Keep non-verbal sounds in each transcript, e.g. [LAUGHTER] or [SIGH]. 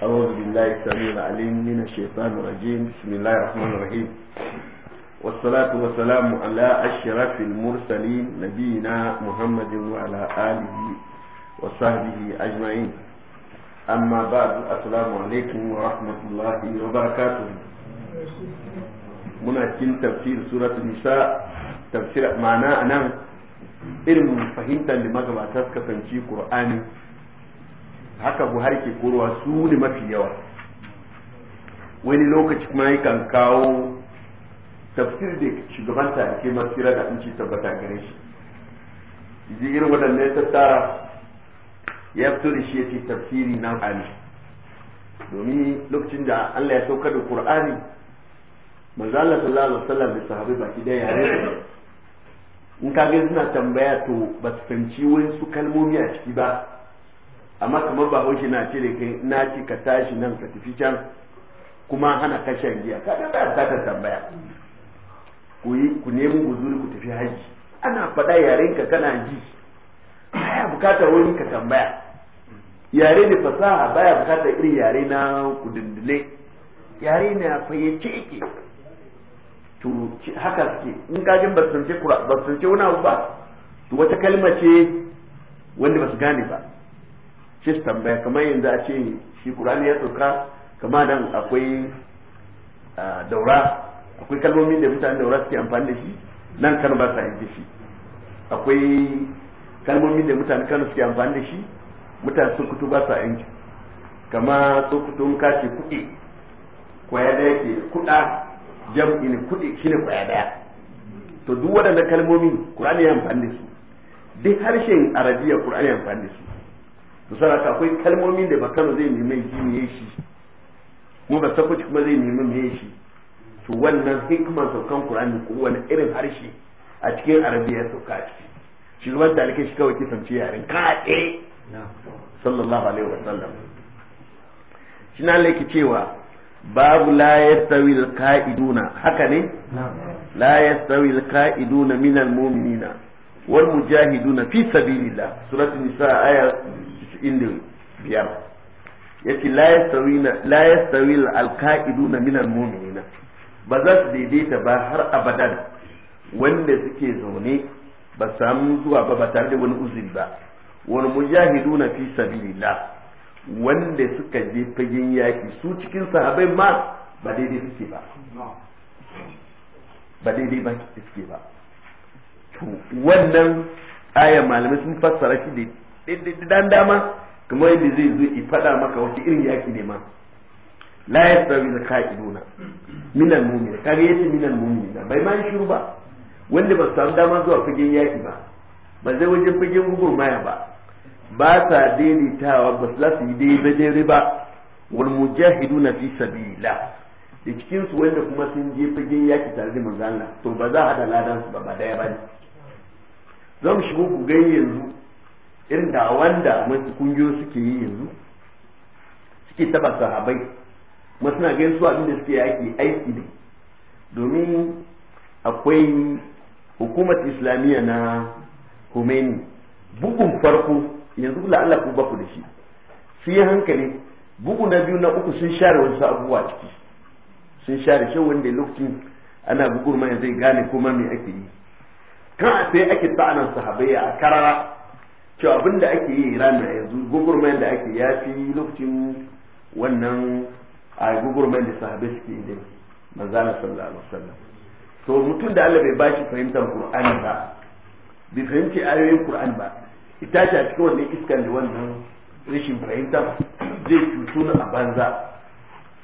أعوذ بالله السميع العليم من الشيطان الرجيم بسم الله الرحمن الرحيم والصلاة والسلام على أشرف المرسلين نبينا محمد وعلى آله وصحبه أجمعين أما بعد السلام عليكم ورحمة الله وبركاته منعكين تفسير سورة النساء تفسير معناه أنا إرم fahimtar da تسكت في fahimci haka buhari ke korowa su ne mafi yawa wani lokaci kuma yakan kawo tafsir da shugaban ta ke masira da ci tabbata gare shi ji irin waɗanda ya tattara ya fito da shi ya ce tafsiri na ƙani domin lokacin da Allah ya saukar da Qur'ani manzo Allah sallallahu alaihi wasallam da sahabbai baki da yare in kage suna tambaya to ba su fanci wani su kalmomi a ciki ba amma kamar ba hoshi na ce da kai na ci ka tashi nan ka tafi can kuma hana kashen giya ka ga ba ta tambaya ku yi ku nemi guzuri ku tafi haji ana faɗa yaren ka kana ji baya bukata wani ka tambaya yare ne fasaha baya bukata irin yare na kudindile yare ne a fayyace yake to haka suke in kajin ba su ce wani abu ba to wata kalma ce wanda ba su gane ba sai su tambaya kamar yanzu a ce shi kurani ya tsoka kama nan akwai daura akwai kalmomin da mutane daura suke amfani da shi nan kan ba sa yanke shi akwai kalmomin da mutane kan suke amfani da shi mutane sun kutu ba sa yanke kama tsokutun kace kuɗi kwaya da yake kuɗa jam'i ne kuɗi shine kwaya daya to duk waɗannan kalmomin qur'ani ya amfani da su duk harshen arabiya qur'ani ya amfani da su to saboda akwai kalmomin da bakano zai nemi ji me shi mu ba sako kuma zai nemi me shi to wannan hikman saukan Qur'ani ko wani irin harshe a cikin arabiya sauka ciki shi ruwan talikai shi kawai kisance yaren kaɗe sallallahu alaihi wa sallam shi na laiki cewa babu la yastawi alqa'iduna haka ne la yastawi alqa'iduna min almu'minina والمجاهدون في fi الله suratul nisa aya 65 yace la yastawina la yastawil na minan mu'minina ba za su daidaita ba har abadan wanda suke zaune ba samu zuwa ba ba tare da wani uzuri ba wani na fi sabilillah wanda suka je fagen yaki su cikin sahabai ma ba daidai suke ba ba daidai ba suke ba to wannan aya malamai sun fassara shi da dan dama kamar yadda zai zo i faɗa maka wasu irin yaki ne ma la yastawi zaka'iduna minan mu'min kare yace minan mu'min bai ma shiru ba wanda ba samu dama zuwa fagen yaki ba ba zai wajen fagen maya ba ba sa daidaitawa ba su lasu yi dai ba wal mujahiduna fi sabila da cikin su wanda kuma sun je fagen yaki tare da manzo Allah to ba za a hada ladan su ba ba daya ba ne zamu shigo ku ga yanzu irin da wanda masu kungiyo suke yi yanzu suke taba sahabai kuma suna gaisu a abin da suke yaki aiki ne domin akwai hukumar islamiyya na Khomeini bugun farko yanzu Allah ku baku da shi su yi hankali bugu na biyu na uku sun share wasu abubuwa ciki sun share shi wanda lokacin ana bugur mai zai gane kuma mai ake yi kan a sai ake ta'anar sahabai a karara cewa abin da ake yi ran da yanzu gugurmayan da ake ya fi lokacin wannan a gugurmayan da sahabe suke yi dai manzana sallallahu alaihi wasallam to mutum da Allah bai bashi fahimtar Qur'ani ba bai fahimci ayoyin Qur'ani ba ita ce a cikin wannan iskan da wannan rashin fahimta zai cutu a banza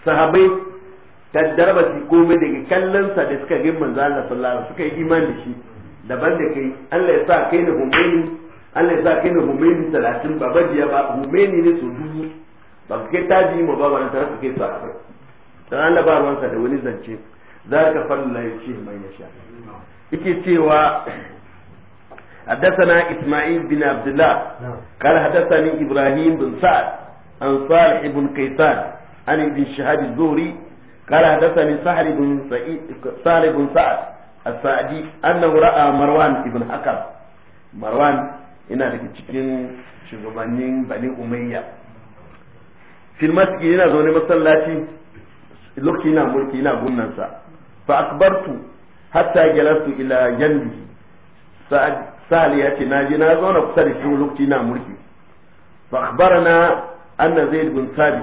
sahabai ta ba su komai daga kallon sa da suka ga manzo sallallahu alaihi wasallam suka yi imani da shi daban da kai Allah ya sa kai da gumbayin Allah ya sa kai ne Humaini talatin ba bajiya ba Humaini ne su dubu ba kai taji ma ba wannan tara kai sa abai dan Allah ba ruwansa da wani zance zaka falla ya ce mai ya sha yake cewa حدثنا إسماعيل بن عبد الله قال حدثني إبراهيم بن سعد عن صالح بن كيسان عن ابن شهاب الزهري قال حدثني سهل بن صالح بن سعد السعدي أنه رأى مروان بن حكم مروان ina daga cikin shugabannin bani umayya fil masjid yana zaune masallaci lokaci yana mulki yana gunnansa fa akbartu hatta jalastu ila janbi sa'al ya ce na ji na zauna kusa da shi lokaci yana mulki fa akbarana anna zaid bin sabi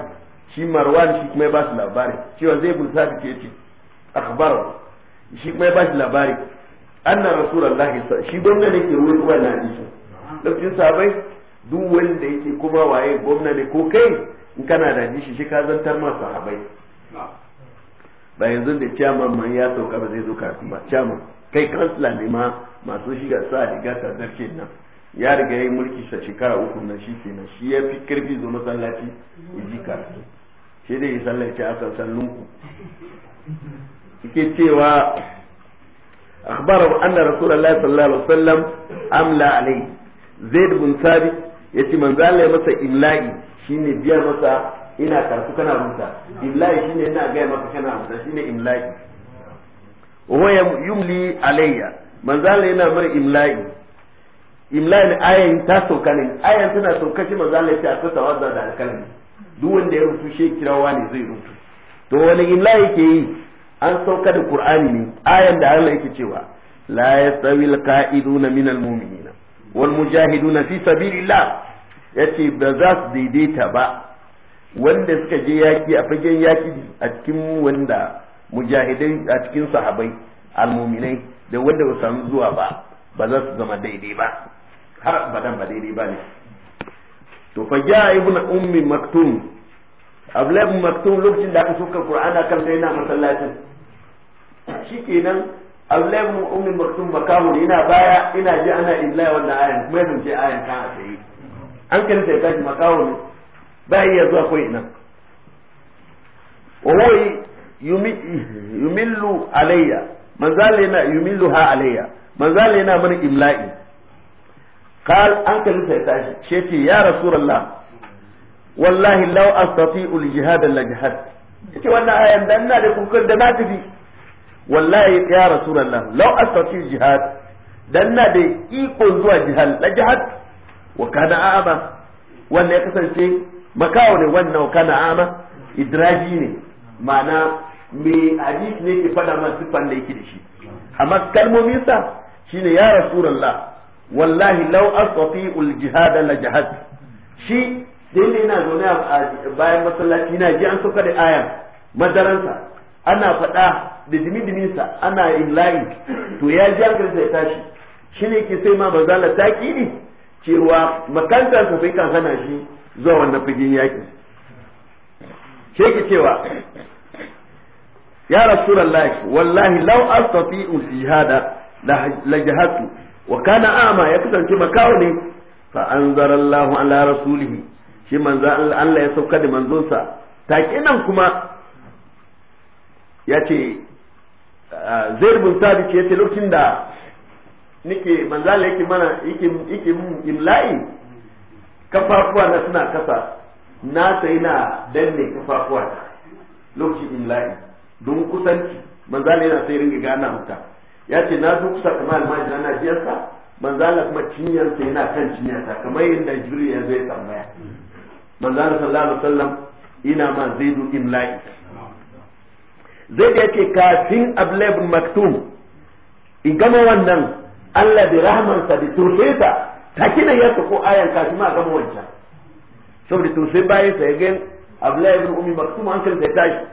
shi marwan shi kuma ba su labari cewa zaid bin sabi ya ce akbaro shi kuma ba shi labari anna rasulullahi shi gwamnati ne ke ruwa na hadisi lokacin sabai duk wanda yake kuma waye gwamna ne ko kai in kana da shi shi ka zantar ma sahabai ba yanzu da chairman man ya sauka ba zai zo kafin ba chairman kai kansila ne ma masu shiga sa riga ta zarce nan ya riga yi mulki sa shekara uku na shi kenan shi ya fi karfi zo masallaci ya ji kafin shi dai ya sallaci a sallun ku suke cewa akhbara anna rasulullahi sallallahu alaihi wasallam amla alaihi zaid bin sabit yace manzo Allah ya masa imla'i shine biya masa ina karatu kana rubuta imla'i shine ina ga maka kana rubuta shine imla'i wa ya yumli alayya manzo Allah yana mar imla'i imla'in ayan ta sauka ne ayan tana sauka shi manzo Allah ya ce a kasa wazza da alkalami duk wanda ya rubuta shi kirawa ne zai rubuta to wani imla'i yake yi an sauka da qur'ani ne ayan da Allah yake cewa la yastawil qa'iduna minal mu'minina wal mujahiduna fi sabilillah yace ba za su daidaita ba wanda suka je yaki a fagen yaki a cikin wanda mujahidai a cikin sahabai almuminai da wanda ba samu zuwa ba ba za su zama daidai ba har badan ba daidai ba ne to fa ja ibn ummi maktum abdullahi maktum lokacin da aka soka qur'ana kan sai na masallacin shikenan Abdullahi ibn Ummi Maktum makamu ina baya ina ji ana illahi wannan ayan kuma yanzu ce ayan kan a tsaye an kan ta tashi makamu ne ba iya zuwa ko ina wa huwa yumillu alayya manzali na yumillu ha alayya manzali na mana imla'i qal an kan sai tashi ce ya rasulullah wallahi law astati'u al-jihad la jihad ita wannan ayan dan na da kokar da na tafi wallahi ya rasulullah law astati jihad dan na da iko zuwa jihad la jihad wa kana a'ma wanda ya kasance makawo ne wannan wa kana a'ma idraji ne ma'ana me hadisi ne ke fada man sifan da yake da shi amma kalmomin sa shine ya rasulullah wallahi law astati al jihad la jihad shi dai na zaune a bayan masallaci na ji an sauka da aya madaransa ana faɗa da dimi sa ana yin layi to ya ji hankali sai tashi shi ne ke sai ma manzala ta ne cewa makantarsa sai kan hana shi zuwa wannan fagen yaki shi ke cewa ya rasulullahi wallahi law astati'u fi hada la jahatu wa kana ama ya kasance makawo ne fa anzarallahu ala rasulihi shi manzo Allah ya sauka da manzonsa nan kuma ya ce zai bin sabit ya ce lokacin da nike manzala yake mana yake yake mun imla'i kafafuwa na suna kasa na sai na danne kafafuwa ta lokacin imla'i don kusanci manzala yana sai ringa gana huta ya ce na zo kusa kamar almajina na jiyarsa manzala kuma cinyarsa yana kan cinyarsa kamar yadda jibril ya zai tambaya manzala sallallahu alaihi wasallam ina ma zaidu imla'i zai da yake kafin ablab maktum in gama wannan Allah bi rahmansa bi turfesa takinan ya tuko ayan kafin ma gama wancan saboda turfe bayan sa ya gan ablab ibn ummi maktum an kan zai tashi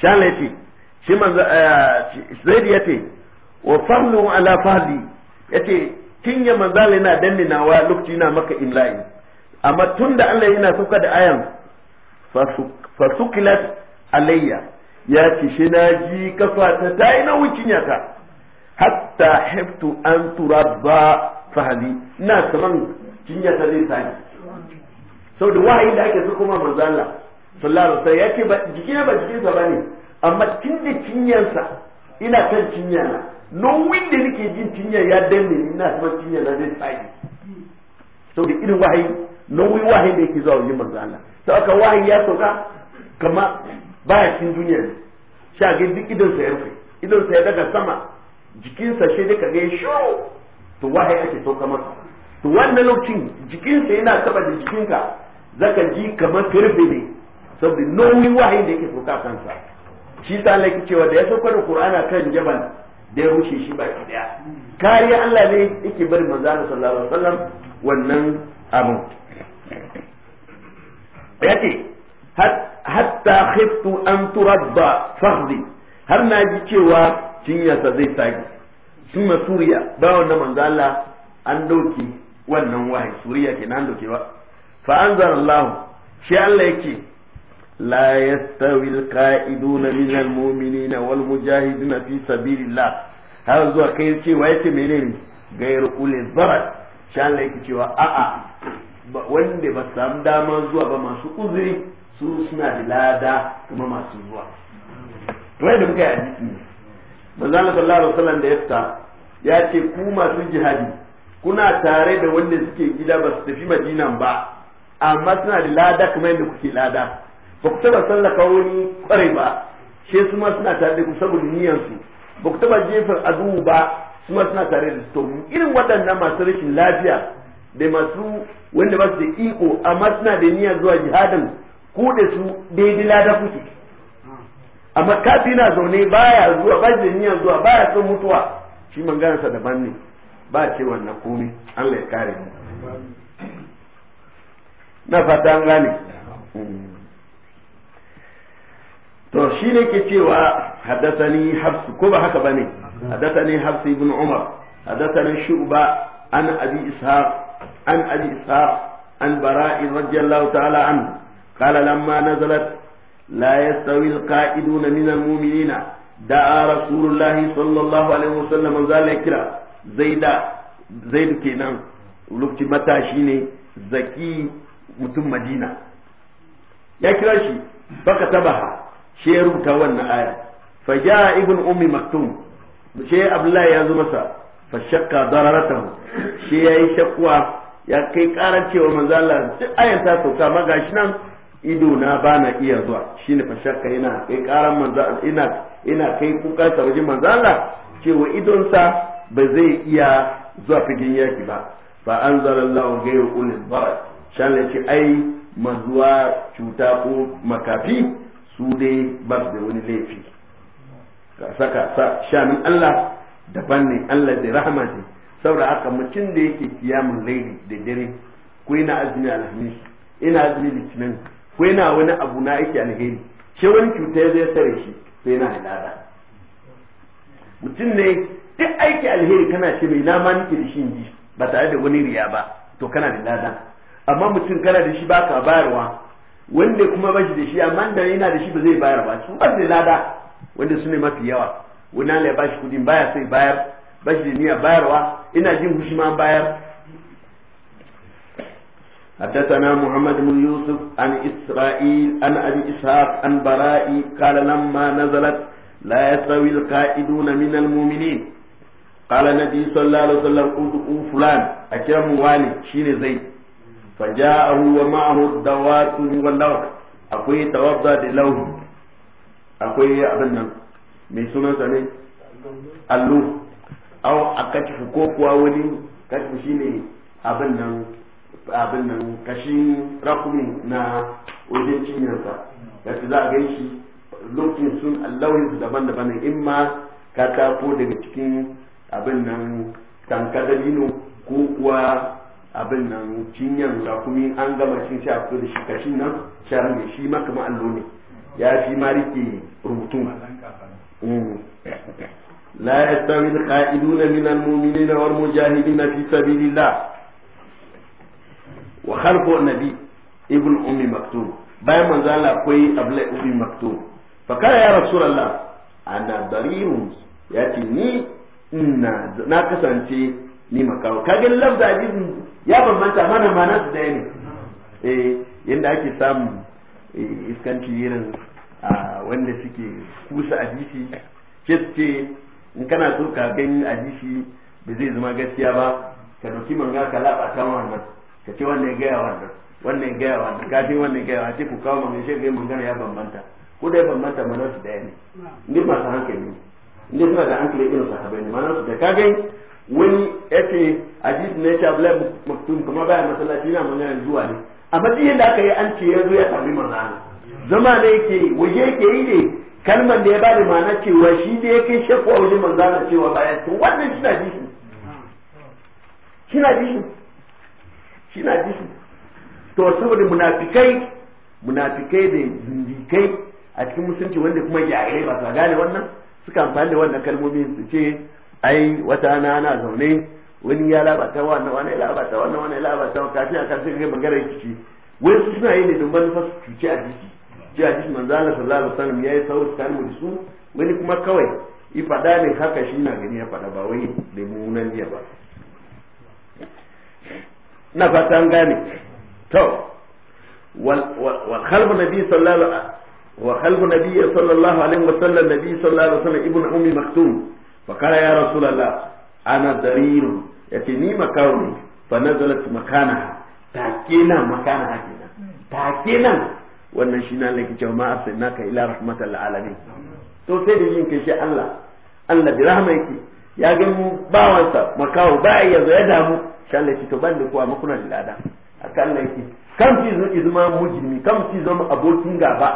shan laifi shi man eh, zai yake wa fadlu ala fadli yace ya manzala yana danne nawa lokaci na maka imla'i amma tunda Allah yana sauka da ayan fasukilat alayya ya ce shi na ji kafa ta ta yi cinya ta. hatta heftu an tura ba fahali na saman ta zai sani sau da wahayi da ake su kuma manzo Allah sallallahu alaihi ya ce ba jikin ba jikin sa ne, amma tun da cinyansa ina kan cinyana nauyin da nake jin cinya ya danne ina saman na zai sani sau da irin wahayi nauyin wahayi da yake zuwa wajen manzo sau aka wahayi ya sauka kama baya cikin ne shi a ga duk idon ya rufe idon ya daga sama jikinsa shi da kage shu to wahayi ake sauka masa to wannan lokacin jikinsa yana saba da jikinka zaka ji kamar karfe ne saboda nauyi wahayi da yake sauka kansa shi ta laki cewa da ya sauka da qur'ana kan jaban da ya wuce shi ba ki daya kariya Allah ne yake bari manzo sallallahu alaihi wasallam wannan abu hatta khiftu an turabba fahdi har na ji cewa cinyarsa zai sage sun ma suriya bawan na manzo Allah an dauke wannan wahayi suriya ke nan dauke ba fa zara Allah shi Allah yake la yastawi alqa'iduna min almu'minina wal في سبيل الله har zuwa kai wai yake menene gairu ul zarar Allah yake cewa a'a wanda ba samu dama zuwa ba masu uzuri su suna da lada kuma masu zuwa kamar da muka yi hadisi ne manzo Allah sallallahu alaihi wasallam da yafta ya ce ku masu jihadi kuna tare da wanda suke gida ba su tafi madina ba amma suna da lada kamar yadda kuke lada ba ku taba sallaka wani kwarai ba she su ma suna tare da ku saboda niyyar su ba ku taba jefar azu ba su ma suna tare da su irin waɗannan masu rashin lafiya da masu wanda ba su da iko amma suna da niyyar zuwa jihadin ku da su daidai lada kuke amma kafi na zaune baya zuwa ba da niyan zuwa baya son mutuwa shi manganarsa daban ne ba ce wannan komai Allah ya kare mu na fata an gane to shi ne ke cewa haddasani hafs ko ba haka bane haddasani hafs ibn umar haddasani shu'ba an abi ishaq an abi ishaq an bara'i radiyallahu ta'ala anhu قال لما نزلت لا يستوي القائدون من المؤمنين دعا رسول الله صلى الله عليه وسلم ذلك زيدا زيد كينان lokaci matashi ne zaki mutum madina ya kira shi baka tabaha shi ya rubuta wannan aya fa jaa ibn ummi maktum shi abdullahi ya zo masa fa shakka dararatahu shi yayi shakwa ya kai karar cewa ta sauka ma gashi nan ido na bana iya zuwa shine fa shakka yana kai karan manzo ina ina kai kuka ta wajen manzo Allah cewa idon sa ba zai iya zuwa fidin yaki ba fa anzalallahu ghayru ulil barat shan yace ai mazuwa cuta ko makafi su dai ba da wani laifi ka saka shanin Allah daban ne Allah da rahama ne saboda haka mutum da yake kiyamun laili da dare ko yana azumi alhamis ina azumi litinin ko yana wani abu na aiki alheri shi wani cuta ya zai tare shi sai yana halala mutum ne duk aiki alheri kana ce mai nama nake da shi ji ba tare da wani riya ba to kana da lada amma mutum kana da shi baka bayarwa wanda kuma ba shi da shi amma da yana da shi ba zai bayar ba su ba da lada wanda su ne mafi yawa wani ya ba shi kudin baya sai bayar bashi da niyya bayarwa ina jin hushi ma bayar حدثنا محمد بن يوسف عن إسرائيل عن أبي إسحاق عن براء قال لما نزلت لا يستوي القائدون من المؤمنين قال النبي صلى الله عليه وسلم ادعوا فلان أكرم والي شين زيد فجاءه ومعه الدوات واللوح أقوي توضأ للوح أقوي يا أبنى من سنة سنة اللوح أو أكتف كوكوا ولي كتف شيني أبنى abin nan kashin rakumin na wajen cinyarsa da za a gan shi lokacin sun allawin su daban-daban ne in ma ka tafo daga cikin abin nan tankadalino ko kuwa abin nan cinyar rakumin an gama shi a fito da shi kashin nan sha mai shi maka ma'allo ne ya fi ma rike rubutun لا يستوي القائدون من المؤمنين والمجاهدين في سبيل الله wa harfo nabi ibn ummi maktum bayan manzo Allah akwai abla ummi maktum fa kana ya rasulullah ana darirun yace ni inna na kasance ni makawo kage lafza ibn ya bambanta mana mana da daya ne eh yanda ake samu eh, iskanci irin wanda suke kusa hadisi ce suke in kana so ka gani hadisi ba zai zama gaskiya ba ka dauki manga ka laba ta wannan ka ce wannan ya gaya wannan wannan ya gaya wannan kafin wannan ya gaya wannan ku kawo mai shi gayin magana ya bambanta ko dai bambanta mana su daya ne ni masu hankali ne ni suna da hankali irin haɓe ne mana su da kagai wani yace hadisi ne ta bla maktum kuma baya masallaci yana magana zuwa ne amma duk yadda aka yi an ce ya zo ya sami manzana zama ne yake waje yake yi ne kalmar da ya ba da ma'ana cewa shi da ya kai shakwa wajen manzana cewa bayan to wannan shi na jishin shi na ji shi na ji su to saboda munafikai munafikai da zindikai a cikin musulunci wanda kuma jahilai ba su gane wannan suka amfani da wannan kalmomi su ce ai wata na na zaune wani ya labata wannan wani ya labata wannan wani ya labata kafin a kafin ga bangare ciki wai su suna yi ne don manufa su cuce a jiki ji a jiki manzo Allah sallallahu alaihi wasallam yayi sauri tsakanin su wani kuma kawai i fada ne haka shi na gani ya fada ba wai da munan jiya ba na fata an gane to wakalbu nabi sallallahu wa kalbu nabi sallallahu alaihi wa sallam nabi sallallahu alaihi wa sallam ibnu ummi maktum fa qala ya rasulullah ana darir Yati ni makauni fa nazalat makana ta kina makana hakina ta kina wannan shi na laki jama'a sai naka ila rahmatal alamin to sai da yin kai Allah Allah bi rahmatiki ya ga mu bawansa makau ba ya zo ya damu shan laifi to ban da kowa makuna da lada a kan yake kan ci zo izuma mujrimi kan ci zama abokin gaba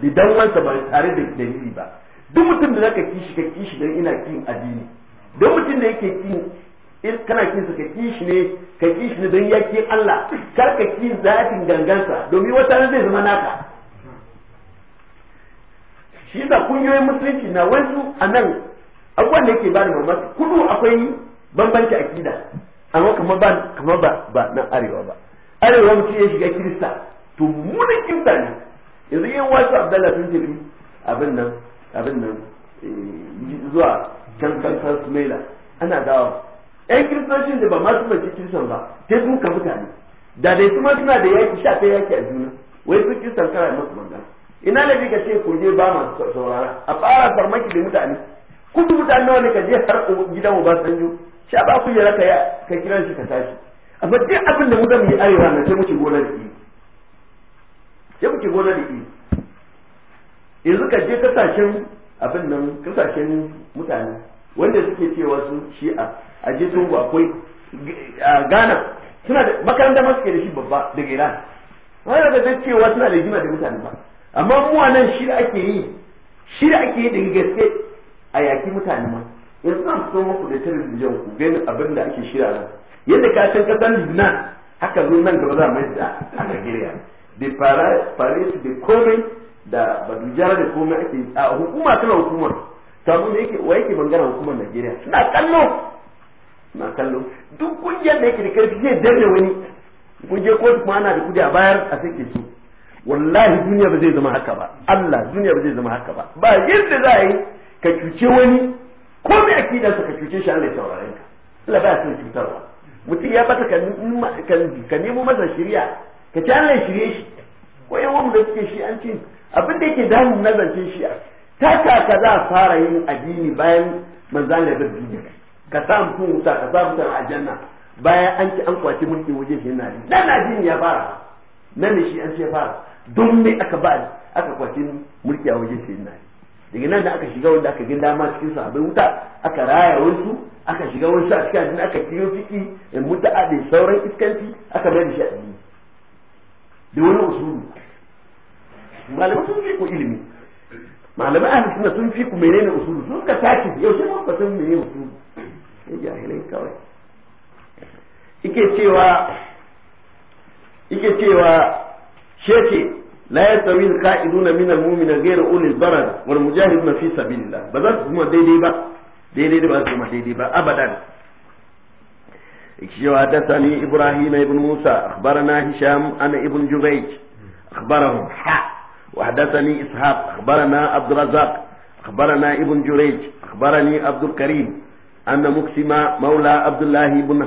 da dan wansa ba tare da dalili ba duk mutum da zaka kishi ka kishi dan ina kin addini duk mutum da yake kin in kana kin ka kishi ne ka kishi ne dan yakin Allah kar ka kin zatin gangansa domin wata zai zama naka shi da kungiyoyin musulunci na wasu a nan abubuwan da yake ba da mamaki kudu akwai bambanci akida amma kamar ba kamar ba ba nan arewa ba arewa ce ya shiga kirista to munin kirista ne yanzu yin wasu abdallah sun tafi abin nan abin nan eh, zuwa can can kankan sumaila ana dawa yan kiristocin da ba ma su mace kiristan ba sai sun ka mutane da dai su ma suna da yaki sha ta yaki a juna wai su kiristan kara masu banga ina da ka ce ko je ba masu saurara a fara farmaki da mutane kudu mutane nawa ne ka je har gidan mu ba sanjo sha ba ku yara ka kai kiran shi ka tashi amma duk abin da mu zan yi arewa na sai muke gona da yi sai muke gona da yi yanzu ka je kasashen abin nan kasashen mutane wanda suke cewa su shi'a a je tungu akwai Ghana suna da makaranta ma suke da shi babba daga Iran wanda da cewa suna da jima da mutane ba amma mu nan shi ake yi shi ake yi daga gaske a yaki mutane ma yanzu zan so muku da talabijin ku gani abin da ake shirya nan yadda ka san kasan Lebanon haka zo nan gaba za mai da a Nigeria da Paris da komai da Badujara da komai ake a hukuma tana hukuma ta zo da yake wa yake bangare hukumar Nigeria suna kallo na kallo duk kungiyar da yake da karfi zai danne wani kungiyar je kotu kuma ana da kudi a bayar a sake su wallahi duniya ba zai zama haka ba Allah duniya ba zai zama haka ba ba yadda za a yi ka cuce wani ko mai akidan ka cuce shi Allah ya saurare ka Allah ba son cutarwa mutum ya bata ka nemo masa shirya ka ci Allah shirye shi ko mu da suke shi an ce abin da yake damun nazarce shi ta kaka za a fara yin addini bayan manzan da duniya ka sa mutum wuta ka sa mutum aljanna bayan an ci an kwace mulki waje shi Nan dan addini ya fara nan ne shi an ce fara don me aka ba aka kwace mulki a waje shi yana daga nan da aka shiga wanda aka gina dama cikin su abai wuta aka raya wasu aka shiga wasu a cikin addini aka kiyo ciki in muta da sauran iskanci aka bayar da shi addini da wani usulu malamai sun fi ku ilimi malamai ahli sunna sun fi ku menene usulu sun ka yau sai mun ba san menene usulu sai jahilai kawai ike cewa ike cewa sheke la yastawi alqa'iduna min almu'mina ghayra ulil darad wal mujahiduna fi sabilillah ba za su kuma daidai ba daidai ba su daidai ba abadan musa akhbarana hisham ana ibn jubayj akhbarahum ha karim anna muksima mawla abdullah ibn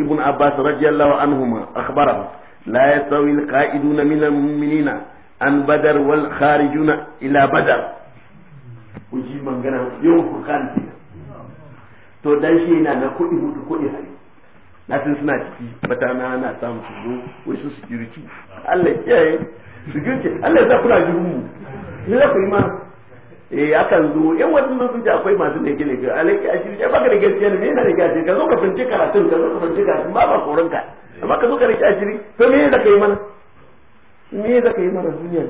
ibn abbas radiyallahu anhuma akhbarahu la يستوي القائدون من المؤمنين an badar wal kharijuna بدر badar من ji يوم فرقان ku kan to dan shi yana na kuɗi mutu kuɗi hari na suna ciki mata na na samu su zo wai su security Allah eh akan zo yan wadannan sun ji akwai masu ne gele ga alai ya shirya baka da gaskiya ne na da gaskiya ka zo ka fince karatun ka zo ka fince karatun ba ba koranka amma ka zo ka rike ajiri to me za ka yi mana me za ka yi mana duniya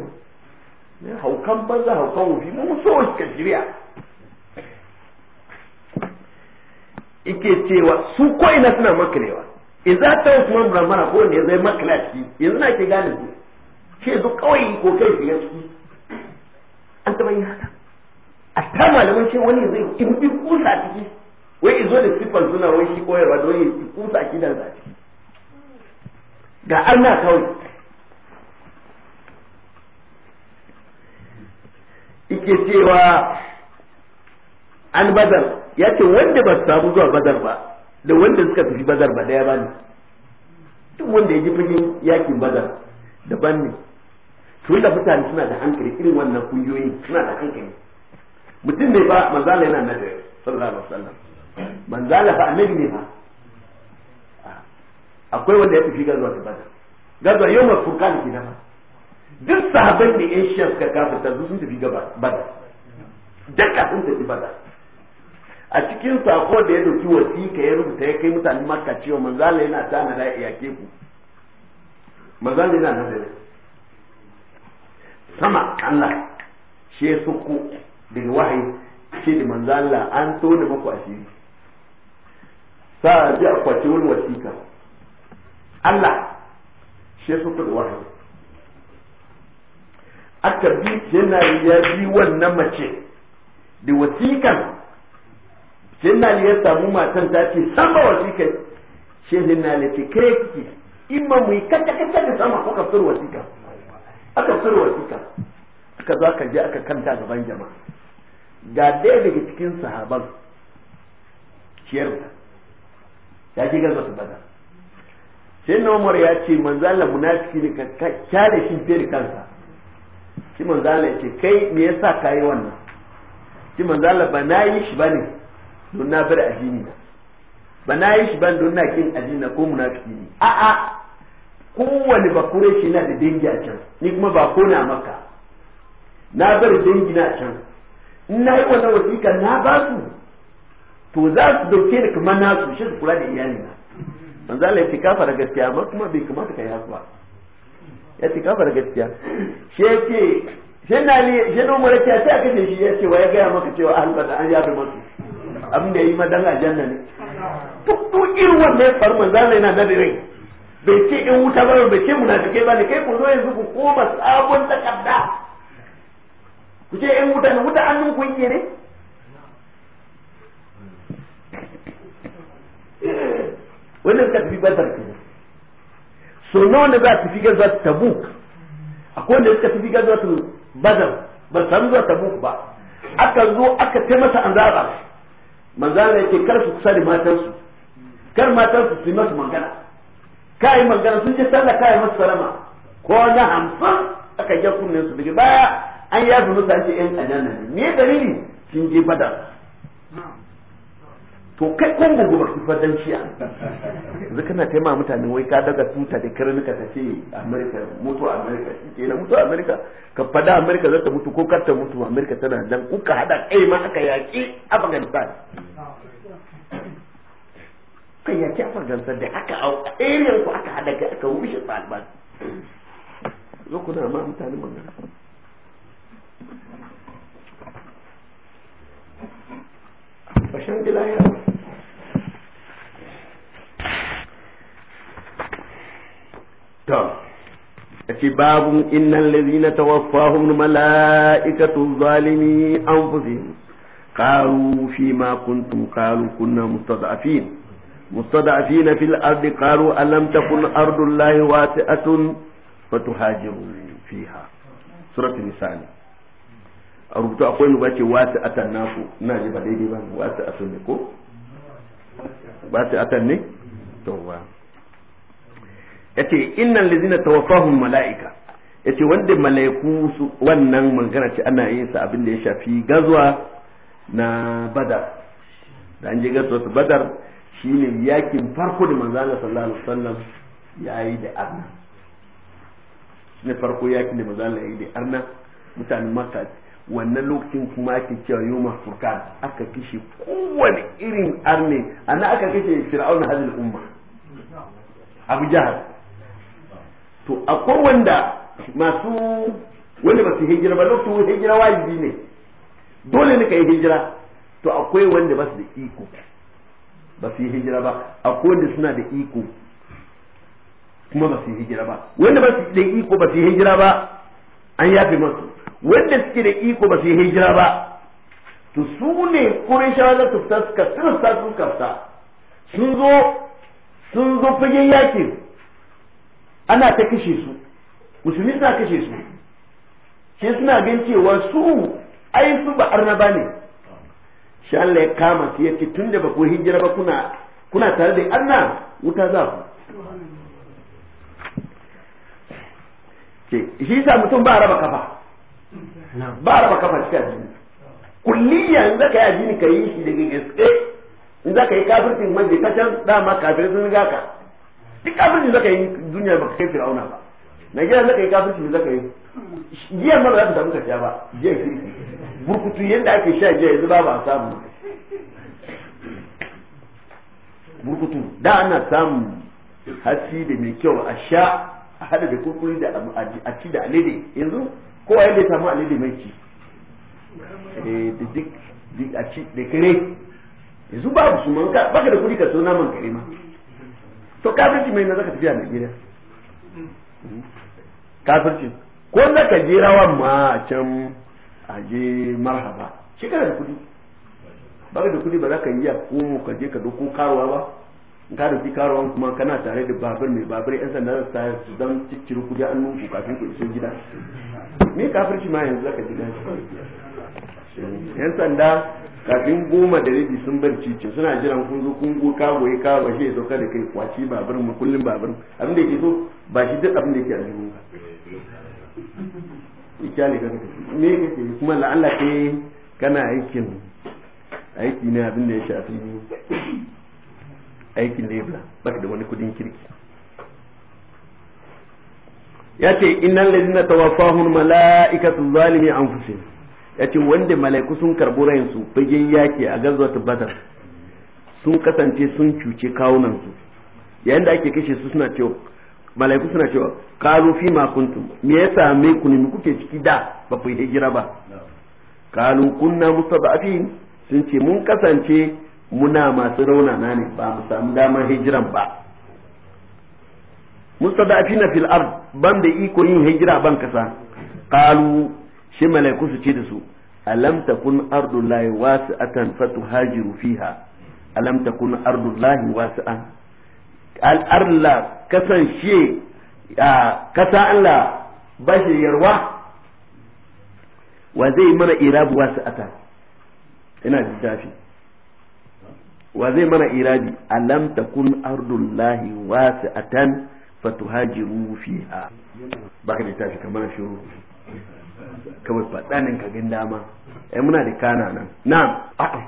ne haukan banza haukan wufi mun so ka jiriya ike cewa su ko ina suna makilewa idza ta usman bramara ko ne zai makala ciki yanzu na ke gane ku ke zo kawai ko kai shiga ciki an taba yin haka a ta malamin ce wani zai in bi kusa ciki wai izo da sifar suna wai shi koyarwa don yi kusa kidan zaki. ga arna kawai ike cewa an bazar ya ce wanda ba su samu zuwa bazar ba da wanda suka fi bazar ba daya ya ne duk wanda ya ji fagen yakin bazar daban ne tun da mutane suna da hankali irin wannan kungiyoyi suna da hankali mutum ne ba manzala yana nan sallallahu alaihi wasallam manzala fa annabi ne ba akwai wanda ya tafi gazuwa ta bada gazuwa yau mai furkan ke nan duk sahabai da yan shiyar suka kafa ta sun tafi bada daga sun tafi bada a cikin sako da ya dauki wasiƙa ya rubuta ya kai mutane maka cewa manzala yana ta na da iyake ku manzala yana nan da sama Allah shi ya suku daga wahayi ce da manzala an tona maku asiri sa ji a kwace wani wasiƙa Allah shi ya sokar wahayi aka bi jenari ya bi wannan mace da wasikan jenari ya samu matan ta ce sama wasikan shi jenari ta kare kiki imma mu yi kacce da sama ko kafir wasika aka fir wasika aka zo aka je aka kanta gaban jama'a ga ɗaya daga cikin sahaban ciyarwa ya ji gaza su bada sai na umar ya ce manzala munafiki ne ka kyale shi fiye da kansa shi manzala ya ce kai me yasa ka wannan shi manzala ba na yi shi ba ne don na bar ajini na ba na yi shi ba don na kin ajini na ko munafiki ne a'a kowane bakure shi na da dangi a can ni kuma ba ko na maka na bar dangi na can in na yi wannan wasiƙa na ba su to za su dauke da kamar nasu shi su kula da iyali na manzo Allah ya ce kafa da gaskiya amma kuma bai kamata kai haka ba ya ce da gaskiya shi yake na ne she no umar ce ta kace ce shi ya ce wa ya gaya maka cewa an bada an yafe masu abin da ya yi madan aljanna ne to irin wannan faru manzo Allah yana da rai bai ce in wuta ba bai ce munafike ba ne kai ku zo yanzu ku koma sabon takarda ku ce in wuta ne wuta an ku kun ne wanda suka tafi bazar ke so nawa ne za a tafi gazuwar tabuk akwai wanda suka tafi su bazar ba samu zuwa tabuk ba aka zo aka ta masa an zaba manzana ce kar su kusa da matansu kar matansu su yi masu mangana kayi mangana sun ce sallah kayi masu salama ko na hamsin aka yi kunnen su daga baya an yafi musu an ce yan na ne me dalili sun je badar to kai kan da gobar su fadanci a yanzu kana taima mutane wai ka daga tuta da karnuka ta ce america mutu america ke na mutu america ka fada america za ta mutu ko kar ta mutu america tana nan kuka hada kai ma aka yaki afghanistan kai yaki afghanistan da aka au ariyan ku aka hada ka aka wuce talibai zo kuna ma mutane magana ƙarshen bilayar to ce babu innan lazina tawaffahum mala'ikatu zalimi anfusihim qalu fi ma kuntum qalu kunna mustad'afin mustad'afin fil ardi qalu alam takun ardullahi wasi'atun fatuhajiru fiha suratu a rubutu akwai nuba ce wata atan naku ina ji ba daidai ba wata atan ne ko wata atan ne to ba yace innal ladina tawaffahum malaika yace wanda malaiku su wannan magana ce ana yin sa abin da ya shafi gazuwa na badar da an je gazuwa su badar shine yakin farko da manzo Allah sallallahu alaihi wasallam yayi da arna ne farko yakin da manzo Allah yayi da arna mutanen makka wannan lokacin kuma ake cewa yoma furkan aka kishe kowane irin arne na aka kishe fir'aun hadin umma abu jihar to akwai wanda masu wanda ba su hijira ba lokacin hijira wajibi ne dole ne ka yi hijira to akwai wanda ba su da iko ba su yi hijira ba akwai wanda suna da iko kuma ba su yi hijira ba wanda ba su da iko ba su yi hijira ba an yafe masu wanda suke da iko ba su yi hijira ba to su ne kurishawa da tufta suka tufta sun kafta sun zo sun zo fagen yakin ana ta kashe su musulmi suna kashe su shi suna gan cewa su ai su ba ba ne shi Allah ya kama su yake tun da ba ku hijira ba kuna kuna tare da arna wuta za ku shi sa mutum ba raba kafa ba baka kafa cikin addini kulliya in zaka yi addini ka yi shi da gaske in zaka yi kafircin manje ka can dama kafirin sun ga ka duk kafircin zaka yi duniya baka kai fir'auna ba gida zaka yi kafircin zaka yi jiya mara za ka samu kasha ba jiya kirki burkutu yadda ake sha jiya yanzu ba ba samu burkutu da ana samu hasi da mai kyau a sha a hada da kurkuri da a ci da alede yanzu wai bai samu alidi mai ci eh, da duk a ci da kare yanzu babu su manka baka da kudi ka so naman kare ma to kafirci mai na zaka tafiya a k'a kafirci ko na ka je rawan ma can a je marhaba shi kana da kudi baka da kudi ba za ka yi ya komo ka je ka doko karuwa ba ka rufi karuwan kuma kana tare da babur mai babur yan sanda za su zan cikin kudi an nuku kafin ku iso gida me kafirci ma yanzu zaka ji yan sanda kafin goma da rabi sun bar cici suna jiran kun zo kun go ka goyi ka ba shi sauka da kai kwaci babur mu kullum babur abin da yake so ba shi duk abin da yake aljihu ba ikali ka me kake kuma la'alla kai kana aikin aiki ne abin da ya shafi aikin lebla baka da wani kudin kirki ya ce innan ladina tawaffahum mala'ikatu zalimi anfusihim ya ce wanda mala'iku sun karbi rayinsu fagen yaki a gazwat badar sun kasance sun cuce kawunan su yayin da ake kashe su suna cewa mala'iku suna cewa qalu fi ma kuntum me ya same ku ne kuke ciki da ba ku hijira ba qalu kunna mustada'afin sun ce mun kasance muna masu raunana ne ba mu samu damar hijiran ba na fil ard ban da iko yin hijira ban kasa qalu shi malaiku su ce da su alam takun ardullahi wasi'atan fatuhajiru fiha alam takun ardullahi wasi'an arla kasance a kasa Allah ba shi yarwa wa zai mana irabu wasi'atan ina da wa zai mana iradi alam takun ardullahi wasi'atan fatuhajiru fiha baka da tafi kamar shiru kawai fadanin ka gin dama eh muna da kana nan na'am a'a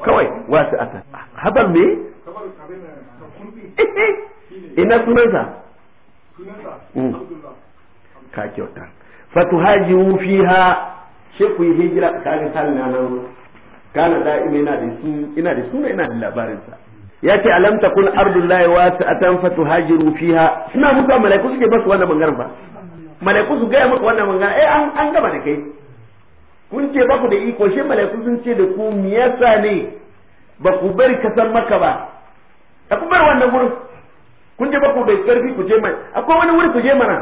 kawai wasi'atan haban me eh, eh. ina sunansa mm. ka kyauta fatuhajiru fiha shi ku yi hijira kaga halin nan kana da'im ina da su ina da suna ina da labarin sa yace alam takun ardullahi wasi'atan fatuhajiru fiha suna musa malaiku suke basu wannan bangaren ba malaiku su gaya maka wannan bangaren eh an an gaba da kai kun ce ba ku da iko shi malaiku sun ce da ku me yasa ne ba ku bari kasan maka ba da ku bar wannan gurin kun ce ba ku da karfi ku je mai akwai wani wuri ku je mana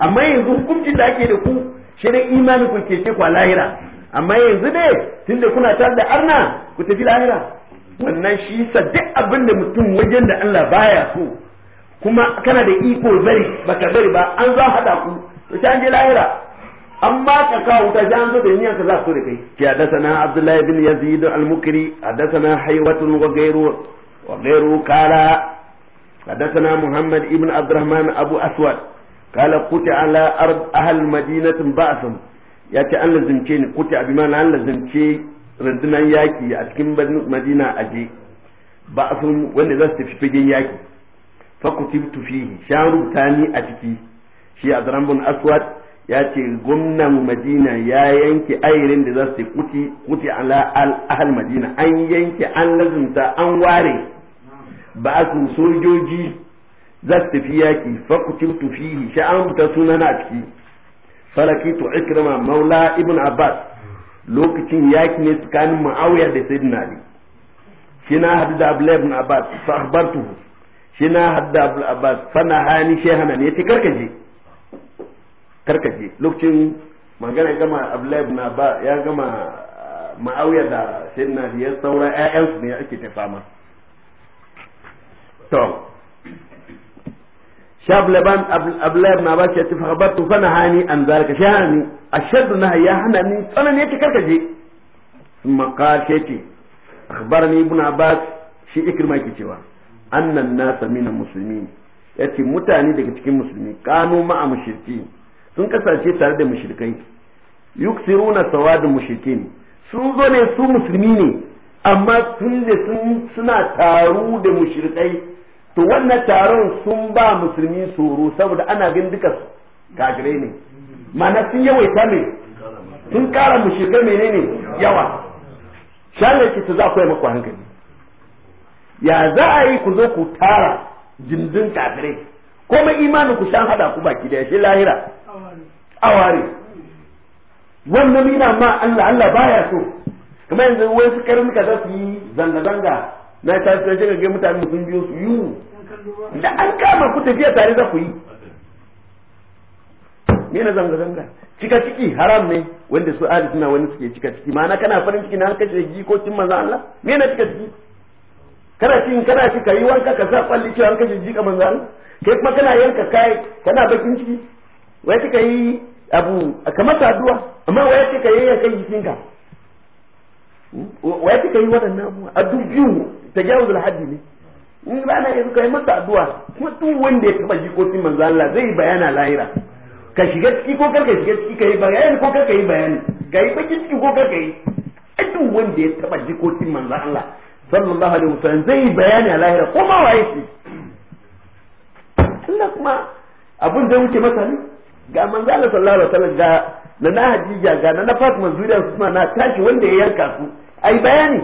amma yanzu hukuncin da ake da ku shi ne imani ku ke ce ku a lahira amma yanzu ne da kuna tar da arna ku tafi lahira wannan shi sa duk abin da mutum wajen da Allah baya so kuma kana da iko bari baka bari ba an za hada ku to ta je lahira amma ka kawo wuta ja zo da niyan ka za su da kai ya dasana abdullahi bin yazid al-mukri hadathana haywatun wa ghayru wa ghayru qala hadathana muhammad ibn abdurrahman abu aswad قال قتل على أرض أهل مدينة بأسهم ya ce an lazimce ni kuti abima na an lazimce rundunan yaki a cikin madina a je ba a sun wanda za su tafi fagen yaki fakuti tufihi shan rubuta ni a ciki shi a zarambun aswad ya ce gwamnan madina ya yanke ayirin da za su kuti kuti ala ahal madina an yanke an lazimta an ware ba a sun sojoji za su tafi yaki fakuti tufihi shan rubuta sunana a ciki falakitu ikrama maula ibn abbas lokacin yaki ne tsakanin ma'awiya da sayyidina ali shi na hadu da abdullahi ibn abbas fa akhbartuhu shi na hadu da abdul abbas fa na hani shehana ne yace karkaje karkaje lokacin magana gama abdullahi ibn abbas ya gama ah, ma'awiya da sayyidina ali ya saura ƴaƴansu ne ake ta fama to shab laban abdullahi ibn abbas ya ce fa khabartu fa nahani an zalika shahani ashaddu nahya mutane daga cikin musulmi kanu ma'a mushriki sun kasance tare da mushrikai yuksiruna sawadin mushrikin sun su musulmi ne amma sun suna taru da mushrikai to wannan taron sun ba musulmi tsoro saboda ana gan duka kafirai ne ma'ana sun yawaita ne sun kara mushrikai menene yawa shanar ki za ku yi maku hankali ya za a yi ku zo ku tara jindin kafirai kuma imanin ku shan hada ku baki da shi lahira aware wannan mina ma Allah Allah baya so kuma yanzu wai su karin ka za su yi zanga-zanga na ta sai ka ga mutane sun biyo su yu da an kama ku tafiya tare za ku yi me na zanga zanga cika ciki haram ne wanda su ahli suna wani suke cika ciki ma'ana kana farin ciki na kace cin manzo Allah me na cika ciki kana cin kana ci kai wanka ka sa kwalli cewa an kace jika manzo Allah kai kuma kana yanka kai kana bakin ciki wai kika yi abu kamar saduwa amma wai kika yi yankan jikinka wa ya kika yi waɗannan abubuwa a duk biyu ta jawo da haddi ne in ba na yanzu kai masa addu'a kuma duk wanda ya taba jikokin manzo Allah zai bayana lahira ka shiga ciki ko karka shiga ciki kai bayani ko karka yi bayani kai baki ciki ko karka yi duk wanda ya taba jikokin manzo Allah sallallahu alaihi wasallam zai bayani a lahira ko ma waye shi Allah kuma abun da wuce masa ne ga manzo Allah sallallahu alaihi wasallam ga na na Hajija ga na na Fatima zuriyar suna na tashi wanda ya yanka su ai bayani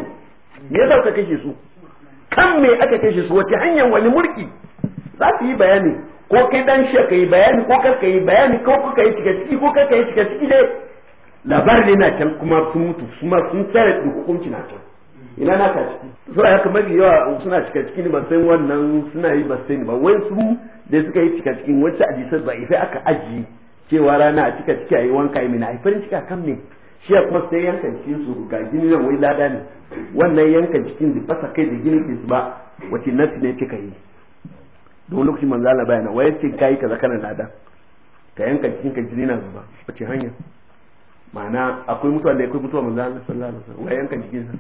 me za ka kashe su kan me aka kashe su wace hanyar wani mulki za su yi bayani ko kai dan shi ka yi bayani ko kar ka yi bayani ko ka yi cika ciki ko kar ka yi cika ciki dai labarin na can kuma sun mutu kuma sun tsare hukunci na can ina na ka ciki sura haka mafi yawa suna cika ciki ne ba sai wannan suna yi ba sai ba wai su da suka yi cika cikin wacce a jisar ba ife aka ajiye cewa rana a cika ciki a yi wanka yi mina a yi farin cika kan ne shi kuma sai yankan cikin su ga gini nan wai lada ne wannan yankan cikin da fasa kai da gini ke ba wace nasi ne kika yi don lokacin manzo Allah bayana wai yace kai kaza kana lada ka yanka cikin ka jini na zuba wace hanya ma'ana akwai mutuwa da akwai mutuwa manzo Allah sallallahu alaihi wasallam wai yankan cikin sa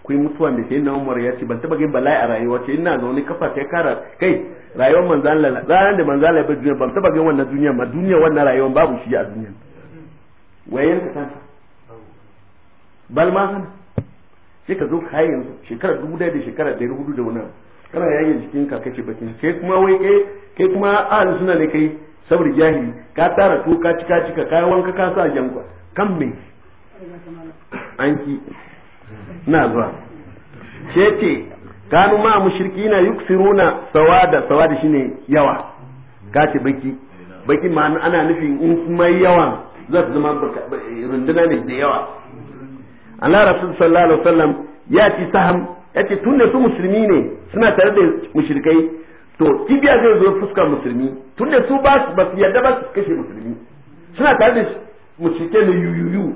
akwai mutuwa da sai na Umar ya ce ban taba gin bala'i a rayuwa ce ina zaune kafa sai kara kai rayuwar manzo Allah ranar da manzo Allah ya bar duniya ban taba gin wannan duniya ma duniya wannan rayuwar babu shi a duniya wayan ka kansa bal ma sana sai ka zo kai yanzu shekara dubu da shekara da hudu da wani kana yayin cikin ka kace bakin kai kuma wai kai kai kuma ahli suna ne kai saboda jahili ka tara to ka cika cika ka wanka ka sa jankwa kan me an ki na zuwa ce ce kanu ma na yuksiruna sawada sawada shine yawa kace baki baki ma ana nufin in kuma yawan za su zama runduna ne da yawa Allah rasul sallallahu alaihi wasallam ya ci saham ya ce tun da su musulmi ne suna tare da mushrikai to kibiya zai zo fuska musulmi tun da su ba su yarda ba su kashe musulmi suna tare da mushrike ne yuyuyu